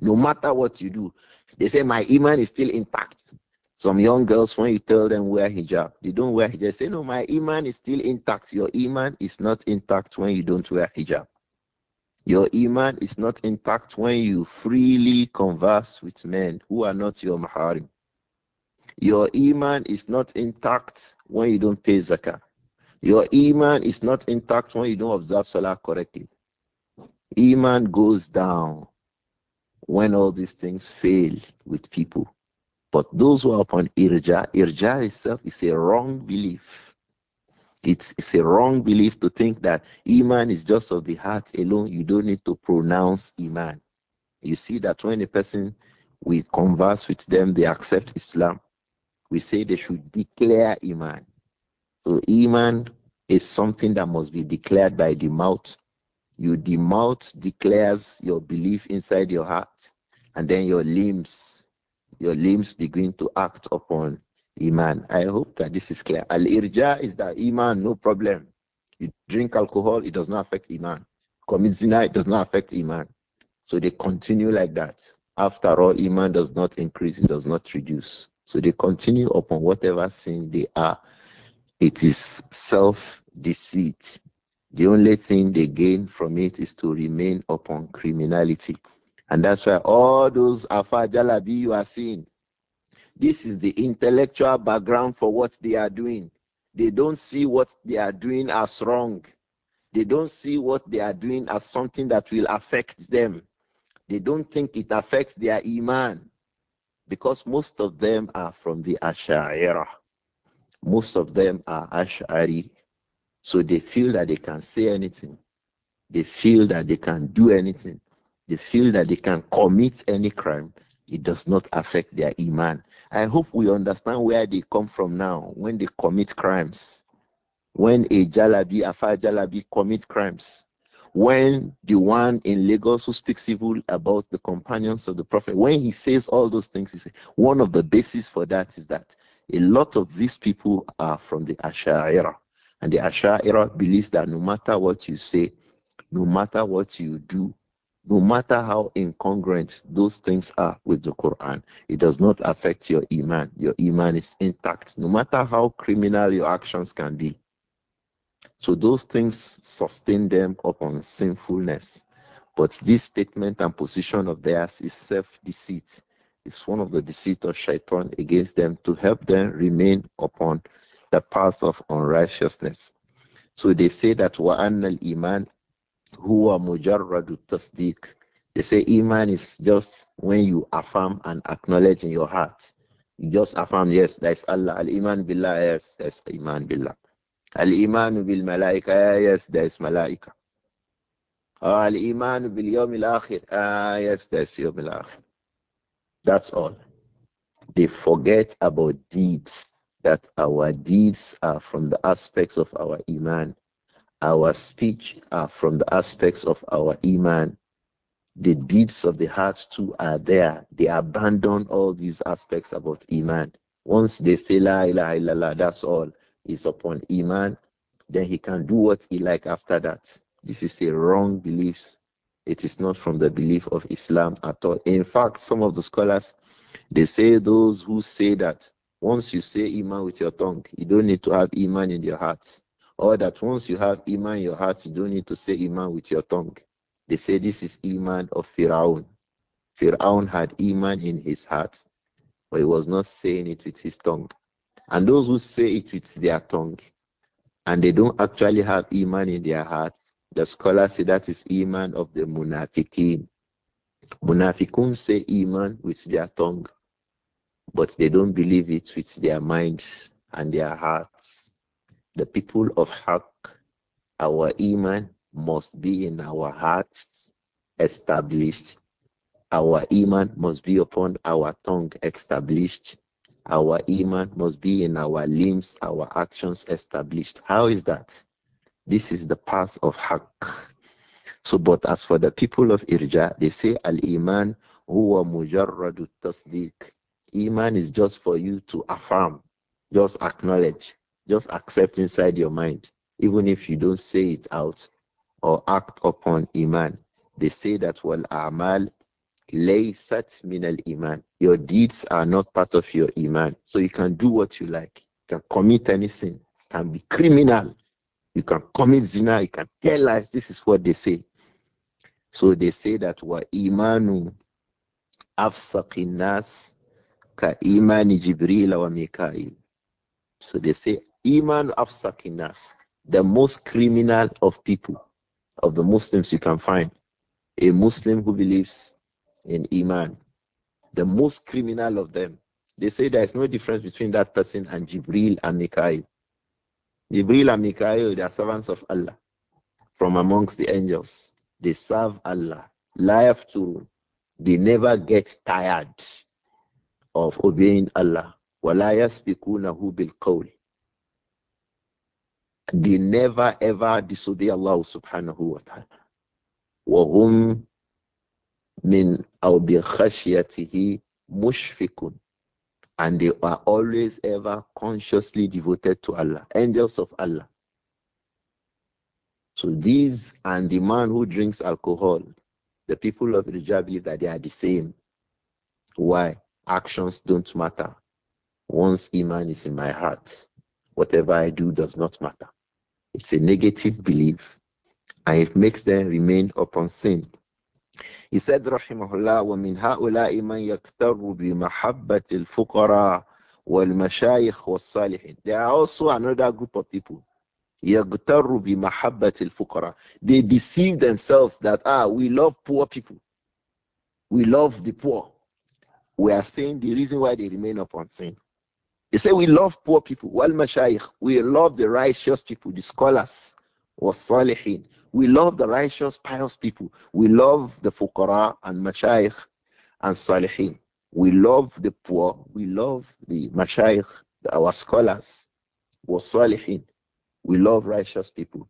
No matter what you do, they say my iman is still intact. Some young girls, when you tell them wear hijab, they don't wear hijab. They say no, my iman is still intact. Your iman is not intact when you don't wear hijab. Your iman is not intact when you freely converse with men who are not your maharim. Your iman is not intact when you don't pay zakah. Your Iman is not intact when you don't observe Salah correctly. Iman goes down when all these things fail with people. But those who are upon irja, irja itself is a wrong belief. It's, it's a wrong belief to think that Iman is just of the heart alone. You don't need to pronounce Iman. You see that when a person, we converse with them, they accept Islam, we say they should declare Iman. So Iman is something that must be declared by the mouth. You the mouth declares your belief inside your heart, and then your limbs, your limbs begin to act upon Iman. I hope that this is clear. Al irja is that Iman, no problem. You drink alcohol, it does not affect Iman. Commit zina, it does not affect Iman. So they continue like that. After all, Iman does not increase, it does not reduce. So they continue upon whatever sin they are it is self deceit. The only thing they gain from it is to remain upon criminality. And that's why all those Afar Jalabi you are seeing, this is the intellectual background for what they are doing. They don't see what they are doing as wrong. They don't see what they are doing as something that will affect them. They don't think it affects their Iman because most of them are from the Asha'ira. Most of them are Ash'ari, so they feel that they can say anything. They feel that they can do anything. They feel that they can commit any crime. It does not affect their Iman. I hope we understand where they come from now when they commit crimes. When a Jalabi, a Afar Jalabi commit crimes. When the one in Lagos who speaks evil about the companions of the Prophet, when he says all those things, he says, one of the basis for that is that a lot of these people are from the Asha'ira. And the Asha'ira believes that no matter what you say, no matter what you do, no matter how incongruent those things are with the Quran, it does not affect your Iman. Your Iman is intact, no matter how criminal your actions can be. So those things sustain them upon sinfulness. But this statement and position of theirs is self deceit. It's one of the deceits of shaitan against them to help them remain upon the path of unrighteousness. So they say that وَأَنَّ iman, huwa مُجَرَّدُ التَّصْدِيقِ They say Iman is just when you affirm and acknowledge in your heart. You just affirm, yes, there's Allah. Al-Iman Billah, yes, there's Iman Billah. Al-Iman Bil Malaika, yes, there's Malaika. Al-Iman Bil Yawm Al-Akhir, ah, yes, there's Yawm Al-Akhir. That's all. They forget about deeds, that our deeds are from the aspects of our Iman. Our speech are from the aspects of our Iman. The deeds of the heart too are there. They abandon all these aspects about Iman. Once they say La ilaha illallah, that's all. It's upon Iman. Then he can do what he like after that. This is a wrong beliefs it is not from the belief of Islam at all. In fact, some of the scholars they say those who say that once you say iman with your tongue, you don't need to have iman in your heart, or that once you have iman in your heart, you don't need to say iman with your tongue. They say this is iman of Firaun. Firaun had iman in his heart, but he was not saying it with his tongue. And those who say it with their tongue, and they don't actually have iman in their heart, the scholar say that is Iman of the Munafiqeen. Munafikun say Iman with their tongue, but they don't believe it with their minds and their hearts. The people of Haqq, our Iman must be in our hearts established. Our Iman must be upon our tongue established. Our Iman must be in our limbs, our actions established. How is that? This is the path of Haqq. So, but as for the people of Irja, they say Al Iman huwa mujarradu tasdiq. Iman is just for you to affirm, just acknowledge, just accept inside your mind, even if you don't say it out or act upon Iman. They say that wal amal laysat min al iman. Your deeds are not part of your iman, so you can do what you like, you can commit any sin, can be criminal you can commit zina. You can tell lies. This is what they say. So they say that wa imanu afsaqin nas ka imani Jibril wa Mikail. So they say iman afsaqin nas, the most criminal of people, of the Muslims you can find, a Muslim who believes in iman, the most criminal of them. They say there is no difference between that person and Jibril and Mikail. Jibril and Mikael, they are servants of Allah from amongst the angels. They serve Allah. Life to they never get tired of obeying Allah. وَلَا يَسْبِقُونَهُ بِالْقَوْلِ They never ever disobey Allah subhanahu wa ta'ala. min مِنْ أَوْ بِخَشْيَتِهِ mushfikun and they are always ever consciously devoted to Allah, angels of Allah. So these and the man who drinks alcohol, the people of Rijab believe that they are the same. Why? Actions don't matter. Once Iman is in my heart, whatever I do does not matter. It's a negative belief and it makes them remain upon sin. He said, Rahimahullah, وَمِنْ هَؤُلَاءِ مَنْ يَكْتَرُ بِمَحَبَّةِ الْفُقَرَى وَالْمَشَايِخ وَالصَّالِحِينَ There are also another group of people. يَكْتَرُ بِمَحَبَّةِ الْفُقَرَى They deceive themselves that, ah, we love poor people. We love the poor. We are saying the reason why they remain upon sin. They say we love poor people. Wal We love the righteous people, the scholars. Was we love the righteous, pious people. We love the fuqara and mashayikh and salihin. We love the poor. We love the mashayikh, our scholars, wa salihin. We love righteous people.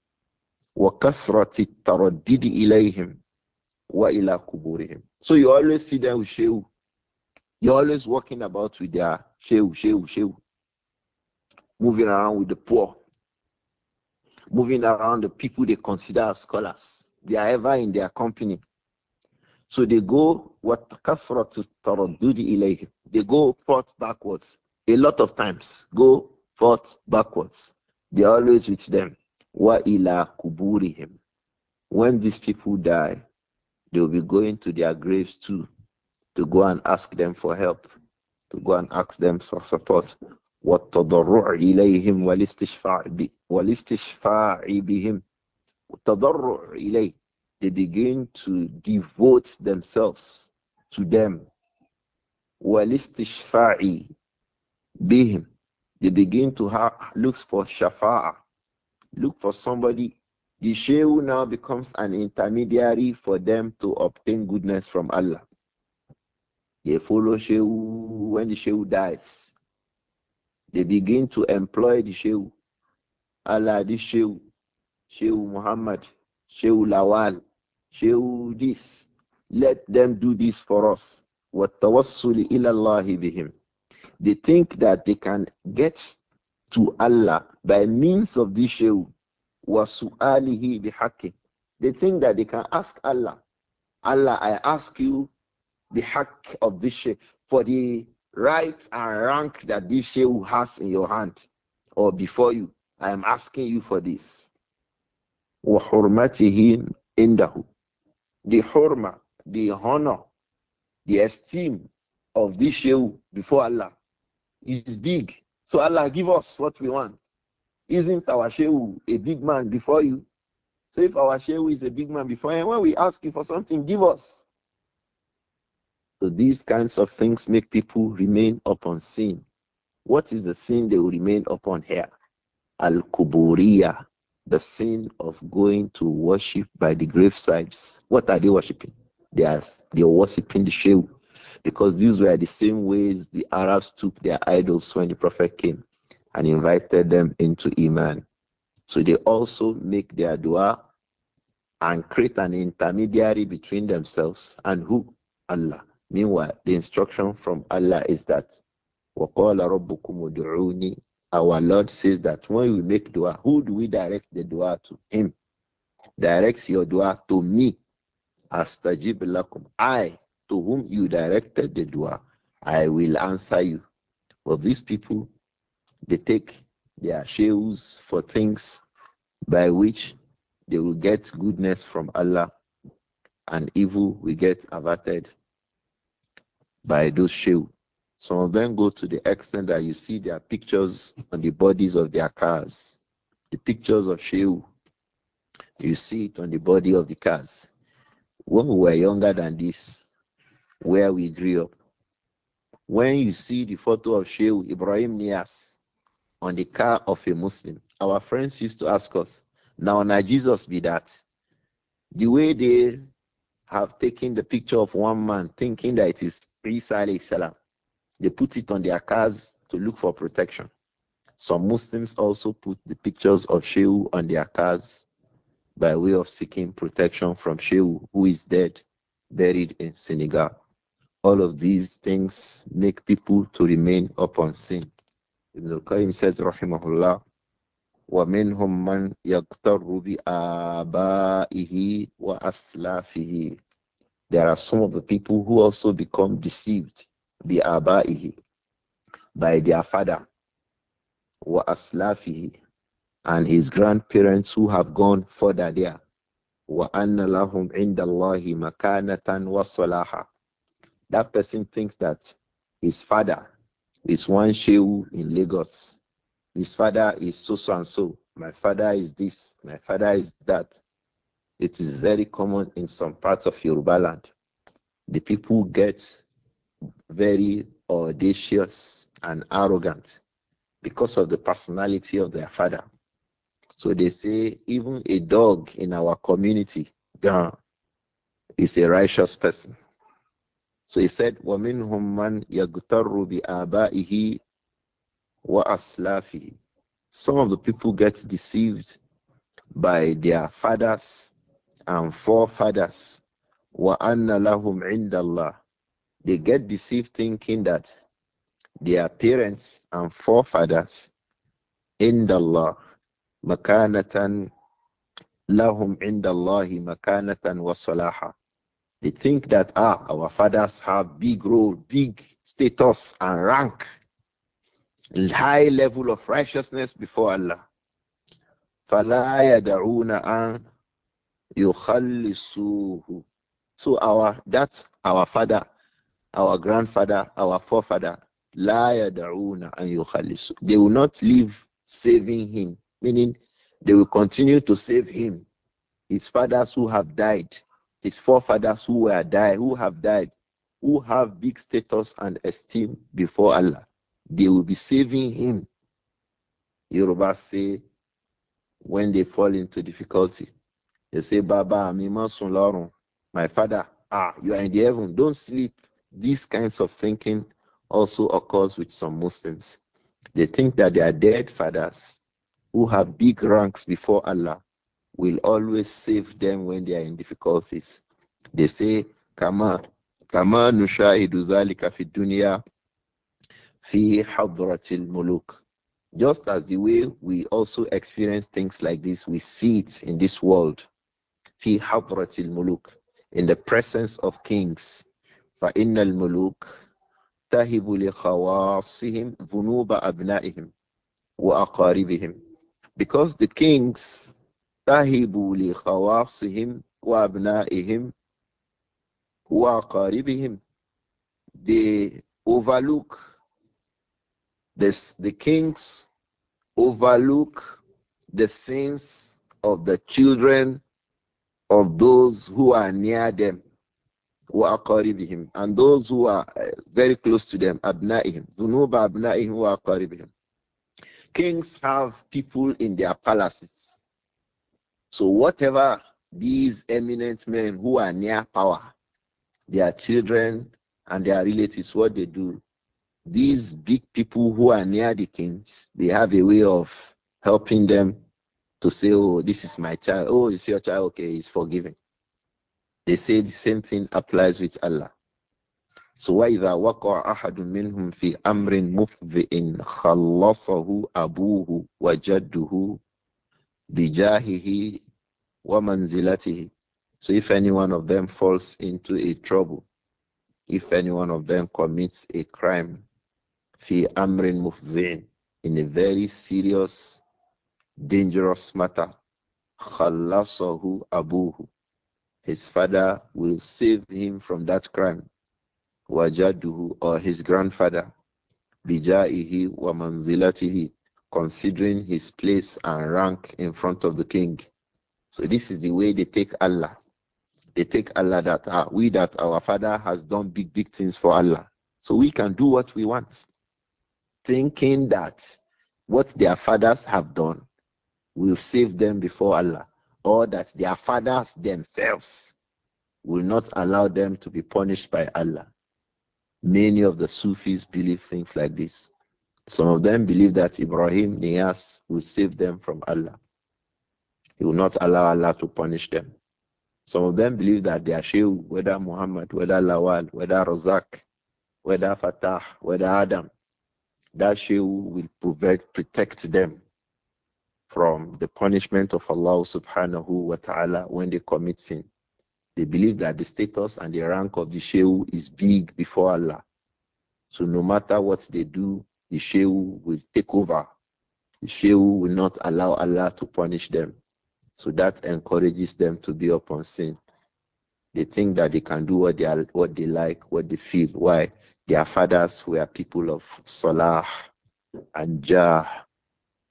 وَكَثْرَةِ التَّرَدِّدِ إِلَيْهِمْ وَإِلَى كُبُورِهِمْ So you always see them with shehu. You're always walking about with their shehu, shehu, shehu. Moving around with the poor moving around the people they consider as scholars. They are ever in their company. So they go what kafratu taraddudi ilayhim. They go forth backwards. A lot of times go forth backwards. They are always with them. Wa ila kuburihim. When these people die, they will be going to their graves too to go and ask them for help, to go and ask them for support. What ilayhim wal istishfa' والاستشفاع بهم والتضرع إليه they begin to devote themselves to them والاستشفاع بهم they begin to look for shafa'a look for somebody the shayu now becomes an intermediary for them to obtain goodness from Allah they follow shehu when the shehu dies they begin to employ the shehu Allah this Shehu, Shehu Muhammad, Shehu Lawal, Shehu this. Let them do this for us. وَالتَّوَصُّلِ إِلَى اللَّهِ بِهِمْ They think that they can get to Allah by means of this Shehu. وَسُؤَالِهِ بِحَقِّهِ They think that they can ask Allah. Allah, I ask you the hack of this Shehu for the right and rank that this Shehu has in your hand or before you. I am asking you for this. The hurma, the honor, the esteem of this shehu before Allah is big. So Allah give us what we want. Isn't our shehu a big man before you? So if our shehu is a big man before him, when we ask you for something, give us. So these kinds of things make people remain upon sin. What is the sin they will remain upon here? al kuburiya the sin of going to worship by the gravesides. What are they worshiping? They are, they are worshiping the shew because these were the same ways the Arabs took their idols when the Prophet came and invited them into Iman. So they also make their dua and create an intermediary between themselves and who? Allah. Meanwhile, the instruction from Allah is that وَقَالَ رَبُّكُمُ our Lord says that when we make dua, who do we direct the dua to? Him. Directs your dua to me. Astajib lakum. I, to whom you directed the dua, I will answer you. But these people, they take their shills for things by which they will get goodness from Allah and evil will get averted by those shields. Some of them go to the extent that you see their pictures on the bodies of their cars. The pictures of Shehu, you see it on the body of the cars. When we were younger than this, where we grew up, when you see the photo of Shehu Ibrahim Nias on the car of a Muslim, our friends used to ask us, now, now Jesus be that. The way they have taken the picture of one man thinking that it is Isa alayhi salam. They put it on their cars to look for protection. Some Muslims also put the pictures of Shehu on their cars by way of seeking protection from Shehu, who is dead, buried in Senegal. All of these things make people to remain upon sin. Ibn al-Qayyim said, Rahimahullah, ومنهم من يغتر بآبائه وأسلافه. There are some of the people who also become deceived bi'abaihi, by their father, wa aslafihi, and his grandparents who have gone further there, wa anna lahum indallahi makanatan wa salaha. That person thinks that his father is one shehu in Lagos. His father is so so and so. My father is this. My father is that. It is very common in some parts of Yoruba land. The people get very audacious and arrogant because of the personality of their father. So they say even a dog in our community uh, is a righteous person. So he said, وَمِنْهُمْ مَنْ يَغْتَرُّ بِآبَائِهِ aslafi. Some of the people get deceived by their fathers and forefathers. وَأَنَّ لَهُمْ عِنْدَ اللَّهِ they get deceived thinking that their parents and forefathers in the law makanatan lahum the makanatan wa salaha. They think that ah, our fathers have big role, big status and rank, high level of righteousness before Allah. فَلَا يَدَعُونَ أَنْ يُخَلِّصُوهُ So our that our father our grandfather, our forefather, La yada'una an yukhalisu. They will not leave saving him, meaning they will continue to save him. His fathers who have died, his forefathers who were died, who have died, who have big status and esteem before Allah, they will be saving him. Yoruba say, when they fall into difficulty, they say, Baba, mi masun My father, ah, you are in the heaven, don't sleep. These kinds of thinking also occurs with some Muslims. They think that their dead fathers, who have big ranks before Allah, will always save them when they are in difficulties. They say, Kama, Kama nushahidu zalika fi dunya fi hadratil muluk. Just as the way we also experience things like this, we see it in this world. Fi hadratil muluk, in the presence of kings. فإن الملوك تهب لخواصهم ذنوب أبنائهم وأقاربهم because the kings تهب لخواصهم وأبنائهم وأقاربهم they overlook this the kings overlook the sins of the children of those who are near them وأقاربهم and those who are uh, very close to them أبنائهم ذنوب أبنائهم وأقاربهم Kings have people in their palaces so whatever these eminent men who are near power their children and their relatives what they do these big people who are near the kings they have a way of helping them to say oh this is my child oh it's your child okay he's forgiven they say the same thing applies with Allah. So وَإِذَا وَقَعَ أَحَدٌ مِّنْهُمْ فِي أَمْرٍ مُفْضِئٍ خَلَّصَهُ أَبُوهُ وَجَدُّهُ بِجَاهِهِ وَمَنْزِلَتِهِ So if any one of them falls into a trouble, if any one of them commits a crime, fi amrin mufzin, in a very serious, dangerous matter, khallasahu abuhu his father will save him from that crime. Wajaduhu or his grandfather, bijaihi wa manzilatihi, considering his place and rank in front of the king. So this is the way they take Allah. They take Allah that ah, we that our father has done big big things for Allah. So we can do what we want, thinking that what their fathers have done will save them before Allah or that their fathers themselves will not allow them to be punished by Allah. Many of the Sufis believe things like this. Some of them believe that Ibrahim Niyas will save them from Allah. He will not allow Allah to punish them. Some of them believe that their Shaykh, whether Muhammad, whether Lawal, whether Razak, whether Fatah, whether Adam, that Shaykh will protect them from the punishment of Allah subhanahu wa ta'ala when they commit sin. They believe that the status and the rank of the Shehu is big before Allah. So no matter what they do, the Shehu will take over. The Shehu will not allow Allah to punish them. So that encourages them to be upon sin. They think that they can do what they are, what they like, what they feel. Why? Their fathers were people of salah and jah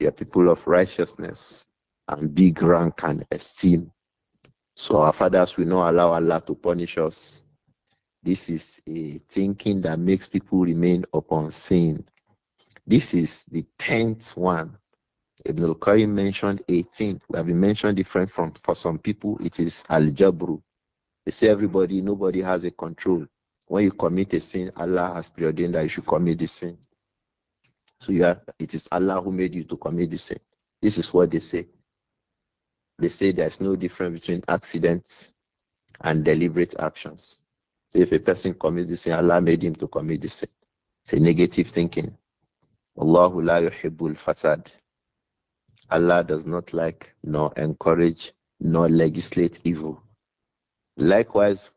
they are people of righteousness and big rank and esteem. So our fathers will not allow Allah to punish us. This is a thinking that makes people remain upon sin. This is the tenth one. Ibn al-Qayyim mentioned 18. We have been mentioned different from for some people. It is al-jabru. They say everybody, nobody has a control. When you commit a sin, Allah has preordained that you should commit the sin. So you it is Allah who made you to commit this sin. This is what they say. They say there's no difference between accidents and deliberate actions. So if a person commits this sin, Allah made him to commit this sin. It's a negative thinking. will la yuhibbul fasad. Allah does not like, nor encourage, nor legislate evil. Likewise,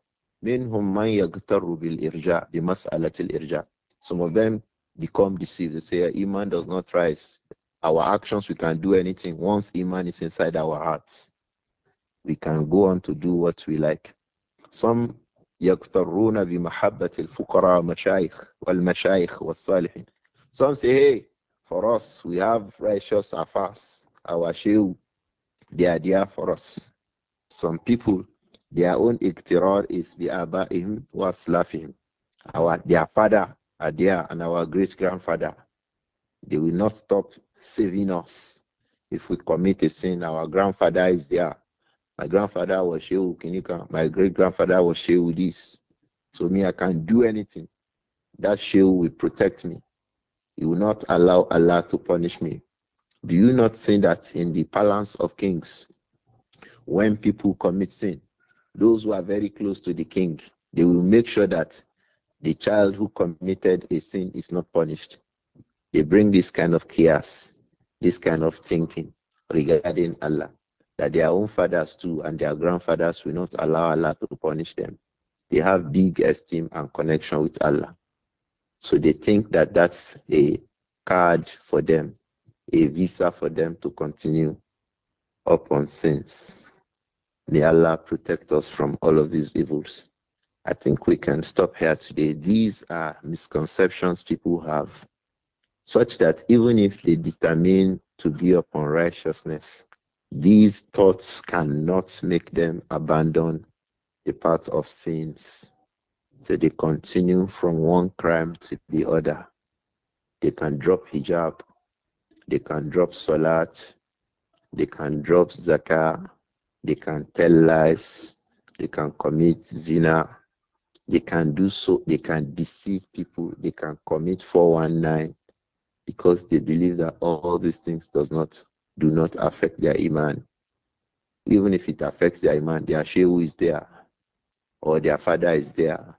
minhum man yagtaru bil irja, bi mas'alatil irja. Some of them become deceived. They say Iman does not rise. Our actions, we can do anything. Once Iman is inside our hearts, we can go on to do what we like. Some Some say, hey, for us, we have righteous affairs. Our shield, they are there for us. Some people, their own iktirar is bi'aba'ihim wa slafihim. Our, their father, there and our great grandfather. They will not stop saving us. If we commit a sin, our grandfather is there. My grandfather was Shehu Kinika. My great grandfather was Shehu this. So me, I can not do anything. That Shehu will protect me. He will not allow Allah to punish me. Do you not see that in the palace of kings, when people commit sin, those who are very close to the king, they will make sure that the child who committed a sin is not punished. They bring this kind of chaos, this kind of thinking regarding Allah, that their own fathers too and their grandfathers will not allow Allah to punish them. They have big esteem and connection with Allah. So they think that that's a card for them, a visa for them to continue upon sins. May Allah protect us from all of these evils. I think we can stop here today. These are misconceptions people have, such that even if they determine to be upon righteousness, these thoughts cannot make them abandon the path of sins. So they continue from one crime to the other. They can drop hijab, they can drop salat, they can drop zakah, they can tell lies, they can commit zina, they can do so, they can deceive people, they can commit 419 because they believe that all these things does not do not affect their iman. Even if it affects their iman, their shehu is there, or their father is there,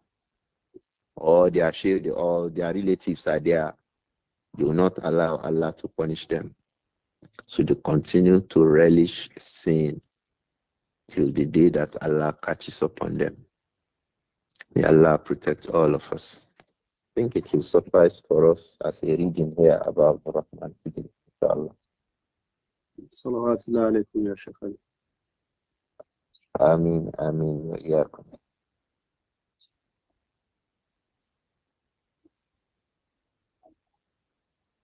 or their shehu, or their relatives are there. They will not allow Allah to punish them. So they continue to relish sin till the day that Allah catches upon them. May Allah protect all of us. I think it will suffice for us as a reading here about the Rahman today, inshallah. صلواتنا عليكم يا شيخنا آمين آمين وإياكم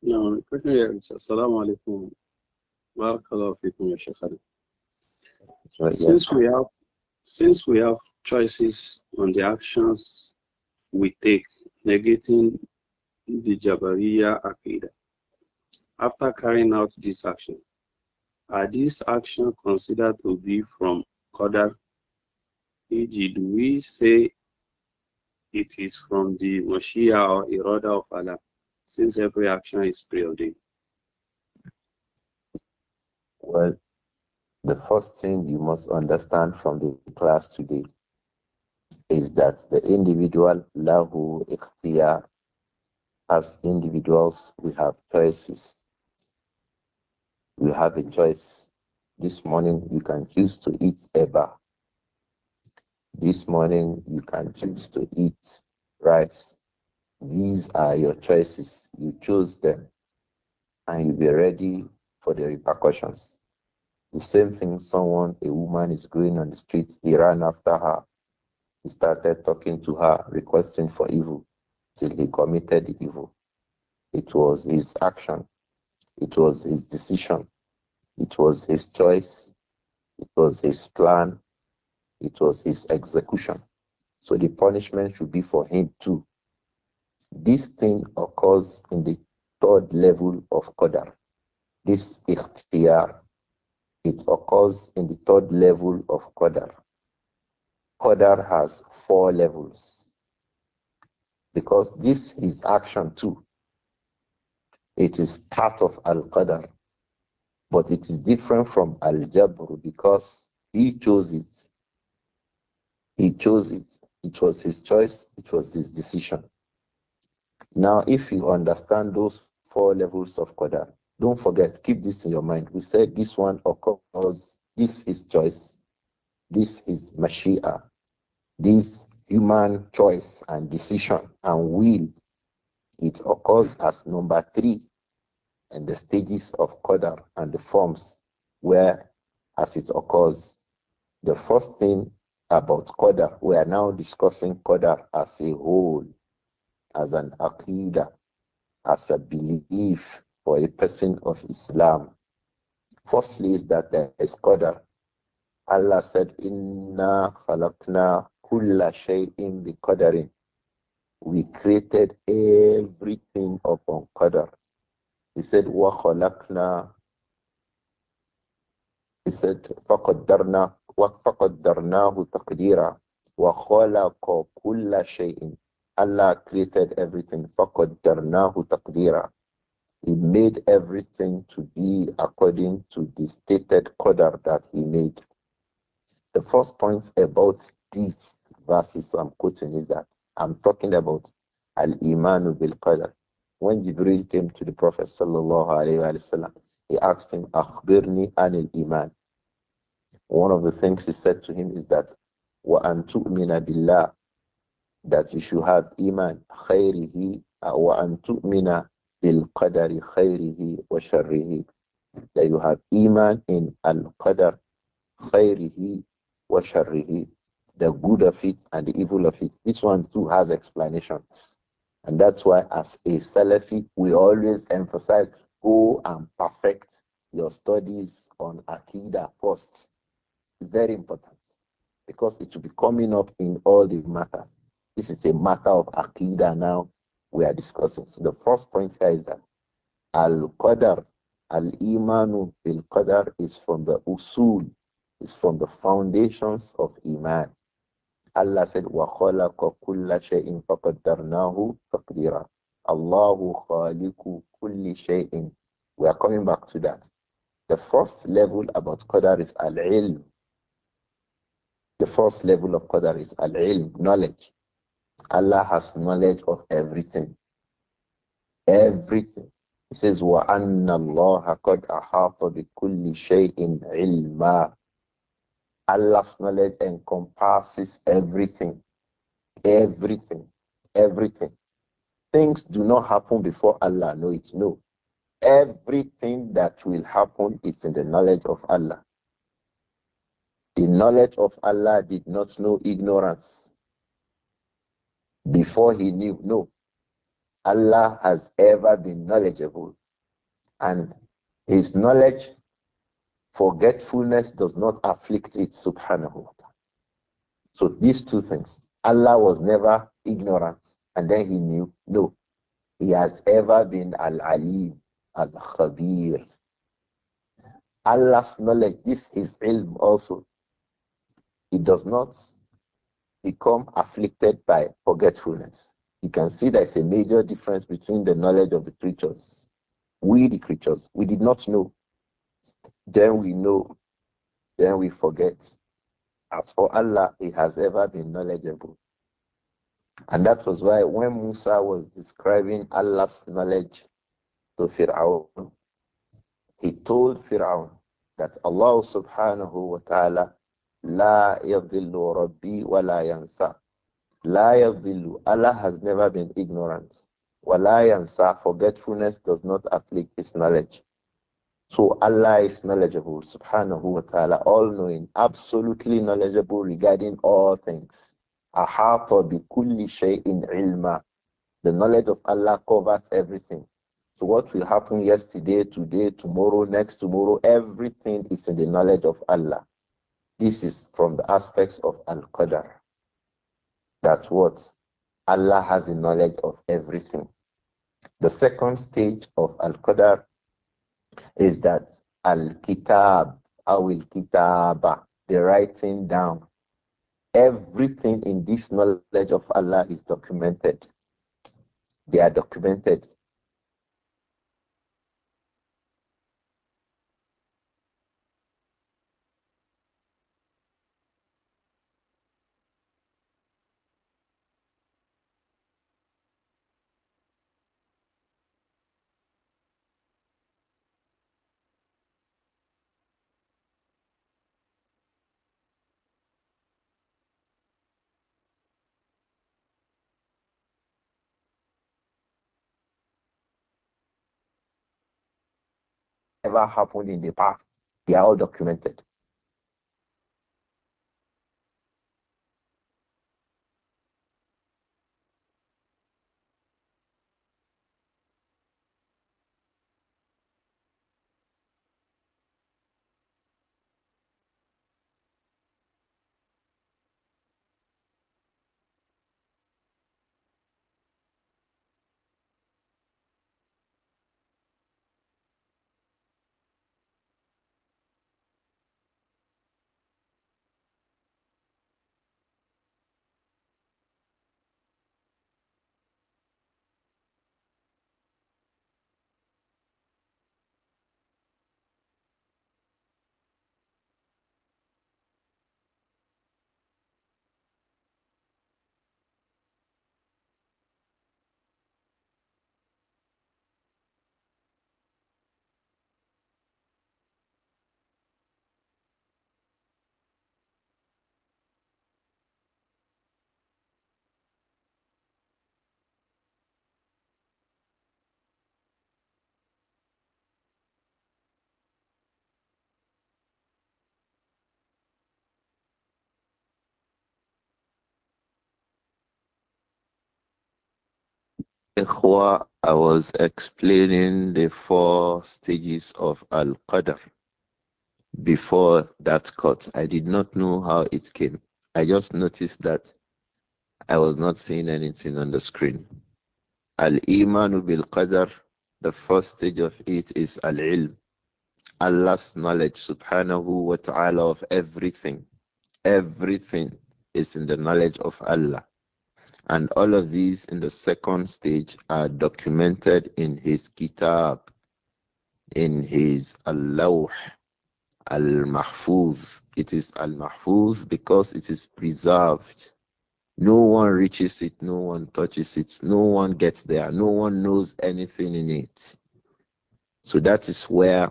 نعم السلام عليكم بارك الله فيكم يا شيخنا Since we have since we have choices on the actions we take, negating the Jabariya Aqidah. After carrying out this action, are these actions considered to be from Qadar? E.g., do we say it is from the Mashia or Irada of Allah, since every action is preordained? Well, the first thing you must understand from the class today is that the individual lahu ikhtiyar as individuals we have choices We have a choice this morning you can choose to eat eba this morning you can choose to eat rice these are your choices you choose them and you be ready for the repercussions the same thing someone a woman is going on the street he ran after her he started talking to her, requesting for evil, till he committed the evil. It was his action, it was his decision, it was his choice, it was his plan, it was his execution. So the punishment should be for him too. This thing occurs in the third level of Qadar. This ikhtiyar, it occurs in the third level of Qadar. Qadar has four levels because this is action too. It is part of Al Qadar, but it is different from Al Jabr because he chose it. He chose it. It was his choice, it was his decision. Now, if you understand those four levels of Qadar, don't forget, keep this in your mind. We said this one occurs, this is choice, this is Mashiach, this human choice and decision and will, it occurs as number three in the stages of Qadar and the forms where, as it occurs, the first thing about Qadar, we are now discussing Qadar as a whole, as an aqidah, as a belief for a person of Islam. Firstly, is that there is Qadar. Allah said, Inna khalaqna kulla shay'in bi qadarin. We created everything upon qadar. He said, wa khalaqna. He said, faqaddarna wa faqaddarnahu taqdira. Wa khalaqa kulla shay'in. Allah created everything. Faqaddarnahu taqdira. He made everything to be according to the stated qadar that he made. The first point about this verses I'm quoting is that I'm talking about Al iman bil Qadr. When Jibril came to the Prophet sallallahu alaihi wasallam, he asked him, "Akhbirni anil iman." One of the things he said to him is that, "Wa antu mina billah," that you should have iman khairihi, uh, wa antu mina bil qadari khairihi wa sharrihi, that you have iman in al qadar khairihi wa sharrihi, the good of it and the evil of it. Each one too has explanations. And that's why, as a Salafi, we always emphasize go and perfect your studies on Akida first. Very important because it will be coming up in all the matters. This is a matter of Akida now we are discussing. So the first point here is that Al Qadar, Al Imanu Bil Qadar is from the Usul, is from the foundations of Iman. Allah said, وَخَلَقَ كُلَّ شَيْءٍ فَقَدَّرْنَاهُ تَقْدِيرًا Allahu khaliqu kulli shay'in. We are coming back to that. The first level about Qadar is al-ilm. The first level of Qadar is al-ilm, knowledge. Allah has knowledge of everything. Everything. He says, وَأَنَّ اللَّهَ قَدْ أَحَاطَ بِكُلِّ شَيْءٍ عِلْمًا Allah's knowledge encompasses everything. Everything. Everything. Things do not happen before Allah knows it. No. Everything that will happen is in the knowledge of Allah. The knowledge of Allah did not know ignorance before he knew. No. Allah has ever been knowledgeable. And his knowledge Forgetfulness does not afflict it, subhanahu wa ta'ala. So these two things. Allah was never ignorant, and then he knew. No. He has ever been Al Alim, Al Khabir. Allah's knowledge, this is ilm also. He does not become afflicted by forgetfulness. You can see there's a major difference between the knowledge of the creatures. We, the creatures, we did not know. Then we know, then we forget. As for Allah, He has ever been knowledgeable. And that was why when Musa was describing Allah's knowledge to Fir'aun, he told Fir'aun that Allah subhanahu wa ta'ala La yadhillu rabbi wa la yansa. La yadhillu. Allah has never been ignorant. Wa la yansa. Forgetfulness does not afflict his knowledge. So Allah is knowledgeable, subhanahu wa ta'ala, all knowing, absolutely knowledgeable regarding all things. Ahata bi kulli shay'in ilma. The knowledge of Allah covers everything. So what will happen yesterday, today, tomorrow, next tomorrow, everything is in the knowledge of Allah. This is from the aspects of Al-Qadr. That what? Allah has the knowledge of everything. The second stage of Al-Qadr is that al-kitab, awil kitaba, the writing down. Everything in this knowledge of Allah is documented. They are documented. happened in the past, they are all documented. Ikhwa, I was explaining the four stages of Al Qadr before that cut. I did not know how it came. I just noticed that I was not seeing anything on the screen. Al iman bil Qadr, the first stage of it is Al Ilm, Allah's knowledge, subhanahu wa ta'ala, of everything. Everything is in the knowledge of Allah. And all of these in the second stage are documented in his kitab, in his al Al-Mahfuz. It is Al-Mahfuz because it is preserved. No one reaches it, no one touches it, no one gets there, no one knows anything in it. So that is where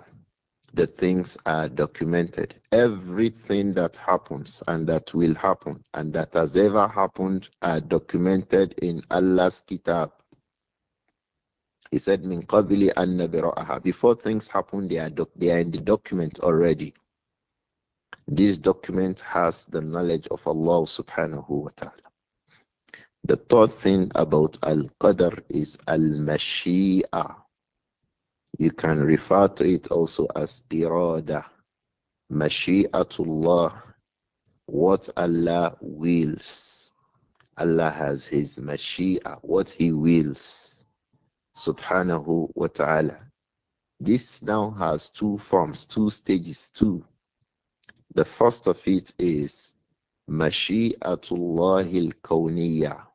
the things are documented. Everything that happens and that will happen and that has ever happened are documented in Allah's kitab. He said, Min qabili an Before things happen, they are, they are in the document already. This document has the knowledge of Allah subhanahu wa ta'ala. The third thing about Al Qadr is Al Mashi'ah. You can refer to it also as irada, mashi'atullah, what Allah wills. Allah has His mashi'a, what He wills. Subhanahu wa ta'ala. This now has two forms, two stages, two. The first of it is mashi'atullahil kawniyah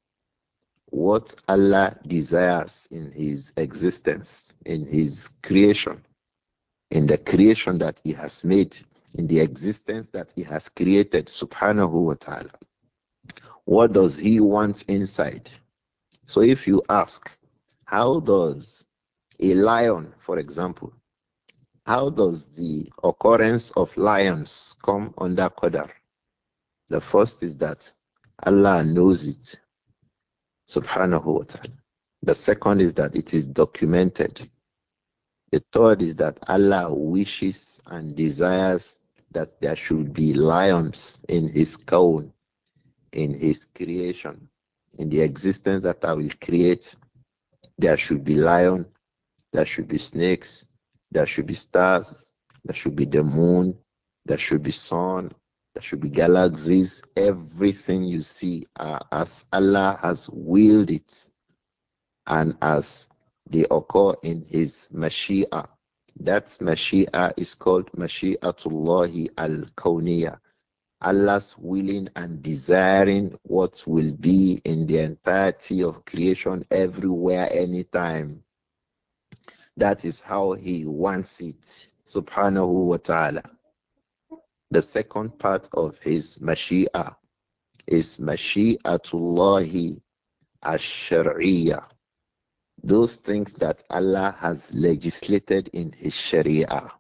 what Allah desires in His existence, in His creation, in the creation that He has made, in the existence that He has created, subhanahu wa ta'ala. What does He want inside? So if you ask, how does a lion, for example, how does the occurrence of lions come under Qadar? The first is that Allah knows it subhanahu wa ta'ala. The second is that it is documented. The third is that Allah wishes and desires that there should be lions in His kawn, in His creation, in the existence that I will create. There should be lion, there should be snakes, there should be stars, there should be the moon, there should be sun, there should be galaxies. Everything you see uh, as Allah has willed it and as they occur in His mashia. That mashia. is called Mashi'atullahi al kawniya. Allah's willing and desiring what will be in the entirety of creation, everywhere, anytime. That is how He wants it. Subhanahu wa ta'ala the second part of his Mashi'a is Mashi'atullahi ash-Shari'ah. Those things that Allah has legislated in His Sharia.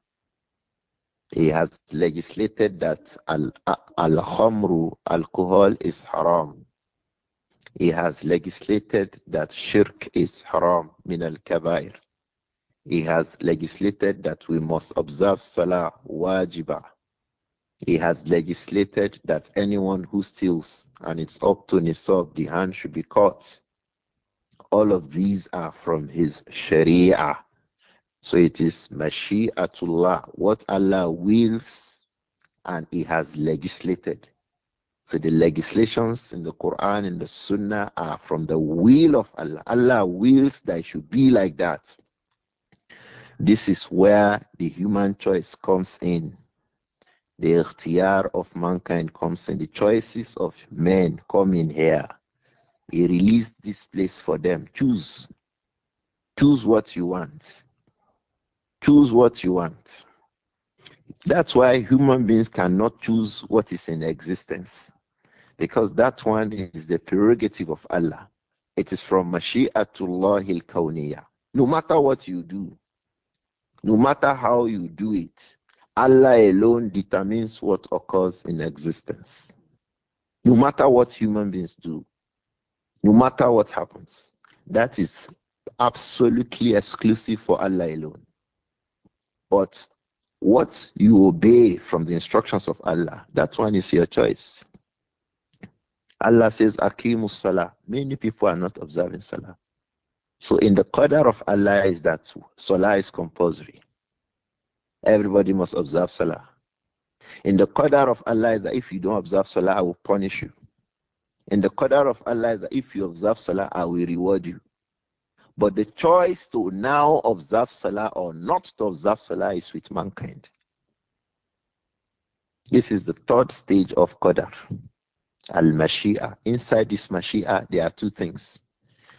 He has legislated that al-khamru, alcohol is haram. He has legislated that shirk is haram, min al-kabair. He has legislated that we must observe salah wajibah. He has legislated that anyone who steals and it's up to Nisab, the hand should be cut. All of these are from his Sharia. So it is Mashi'atullah, what Allah wills and He has legislated. So the legislations in the Quran and the Sunnah are from the will of Allah. Allah wills that it should be like that. This is where the human choice comes in. The ikhtiyar of mankind comes in. The choices of men come in here. He released this place for them. Choose. Choose what you want. Choose what you want. That's why human beings cannot choose what is in existence. Because that one is the prerogative of Allah. It is from Mashi'atullah al No matter what you do, no matter how you do it, Allah alone determines what occurs in existence. No matter what human beings do, no matter what happens, that is absolutely exclusive for Allah alone. But what you obey from the instructions of Allah, that one is your choice. Allah says, Akimus Salah. Many people are not observing Salah. So in the qadar of Allah is that Salah is compulsory. Everybody must observe Salah. In the qadar of Allah that if you don't observe Salah, I will punish you. In the qadar of Allah that if you observe Salah, I will reward you. But the choice to now observe Salah or not to observe Salah is with mankind. This is the third stage of qadar. Al-Mashi'a. Inside this Mashi'a, there are two things.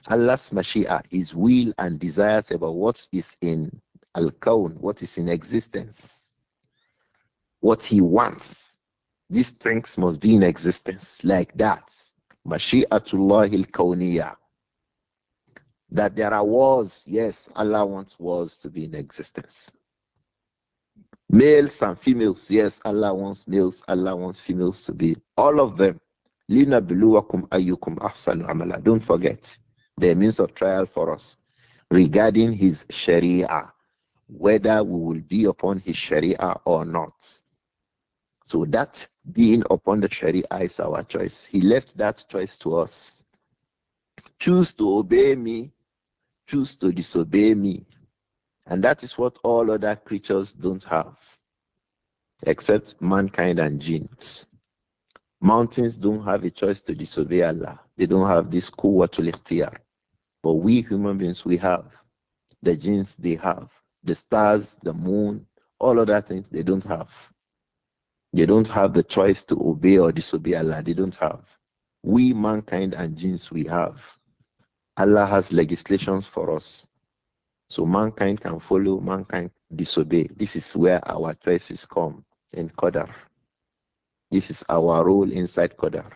Allah's Mashi'a, His will and desires about what is in Al Kaun, what is in existence, what he wants. These things must be in existence like that. Mashi'atullah al That there are wars, yes, Allah wants wars to be in existence. Males and females, yes, Allah wants males, Allah wants females to be, all of them. Lina biluwakum ayyukum ahsanu amala. Don't forget the means of trial for us regarding his sharia whether we will be upon his sharia or not. So that being upon the sharia is our choice. He left that choice to us. Choose to obey me, choose to disobey me. And that is what all other creatures don't have, except mankind and jinns. Mountains don't have a choice to disobey Allah. They don't have this kuwa ikhtiyar. But we human beings, we have. The jinns, they have the stars, the moon, all other things they don't have. They don't have the choice to obey or disobey Allah. They don't have. We, mankind and jinns, we have. Allah has legislations for us. So mankind can follow, mankind disobey. This is where our choices come in Qadar. This is our role inside Qadar.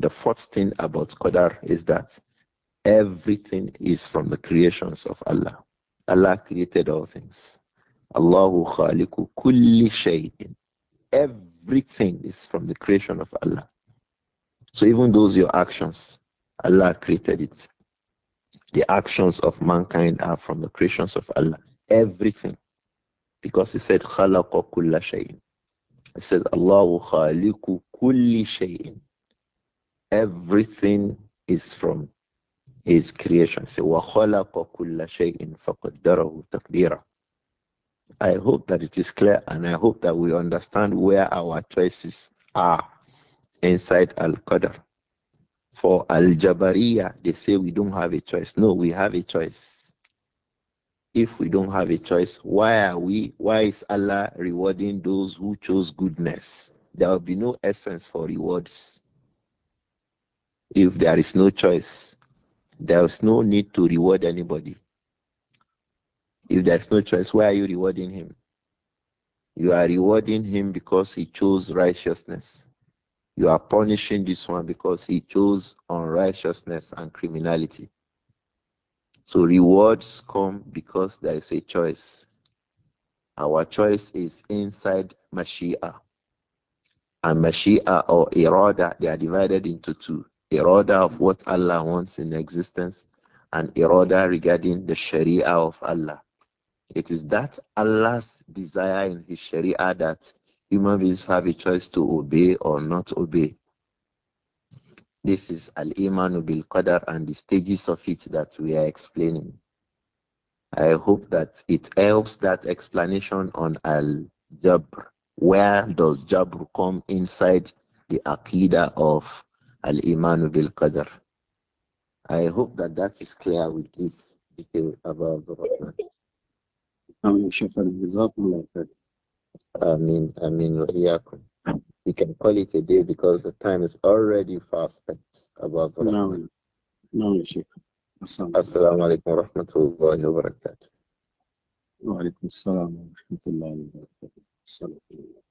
The fourth thing about Qadar is that everything is from the creations of Allah. Allah created all things. Allahu khaliqu kulli shay'in. Everything is from the creation of Allah. So even those your actions, Allah created it. The actions of mankind are from the creations of Allah. Everything. Because he said khalaqa kulla shay'in. He says Allahu khaliqu kulli shay'in. Everything is from his creation. I hope that it is clear and I hope that we understand where our choices are inside Al-Qadr. For Al-Jabariya, they say we don't have a choice. No, we have a choice. If we don't have a choice, why are we, why is Allah rewarding those who chose goodness? There will be no essence for rewards if there is no choice. There is no need to reward anybody. If there's no choice, why are you rewarding him? You are rewarding him because he chose righteousness. You are punishing this one because he chose unrighteousness and criminality. So rewards come because there is a choice. Our choice is inside Mashiach and Mashiach or Irada, they are divided into two irada of what Allah wants in existence and irada mm-hmm. regarding the sharia of Allah. It is that Allah's desire in His sharia that human beings have a choice to obey or not obey. This is Al Iman bil Qadar and the stages of it that we are explaining. I hope that it helps that explanation on Al Jabr. Where does Jabr come inside the Aqidah of Al Imanu bil Qadr. I hope that that is clear with this detail about the Rahman. mean, I mean, We can call it a day because the time is already far spent about the No, Sheikh. Assalamu alaikum wa rahmatullahi wa barakatuh. وعليكم السلام ورحمة الله وبركاته السلام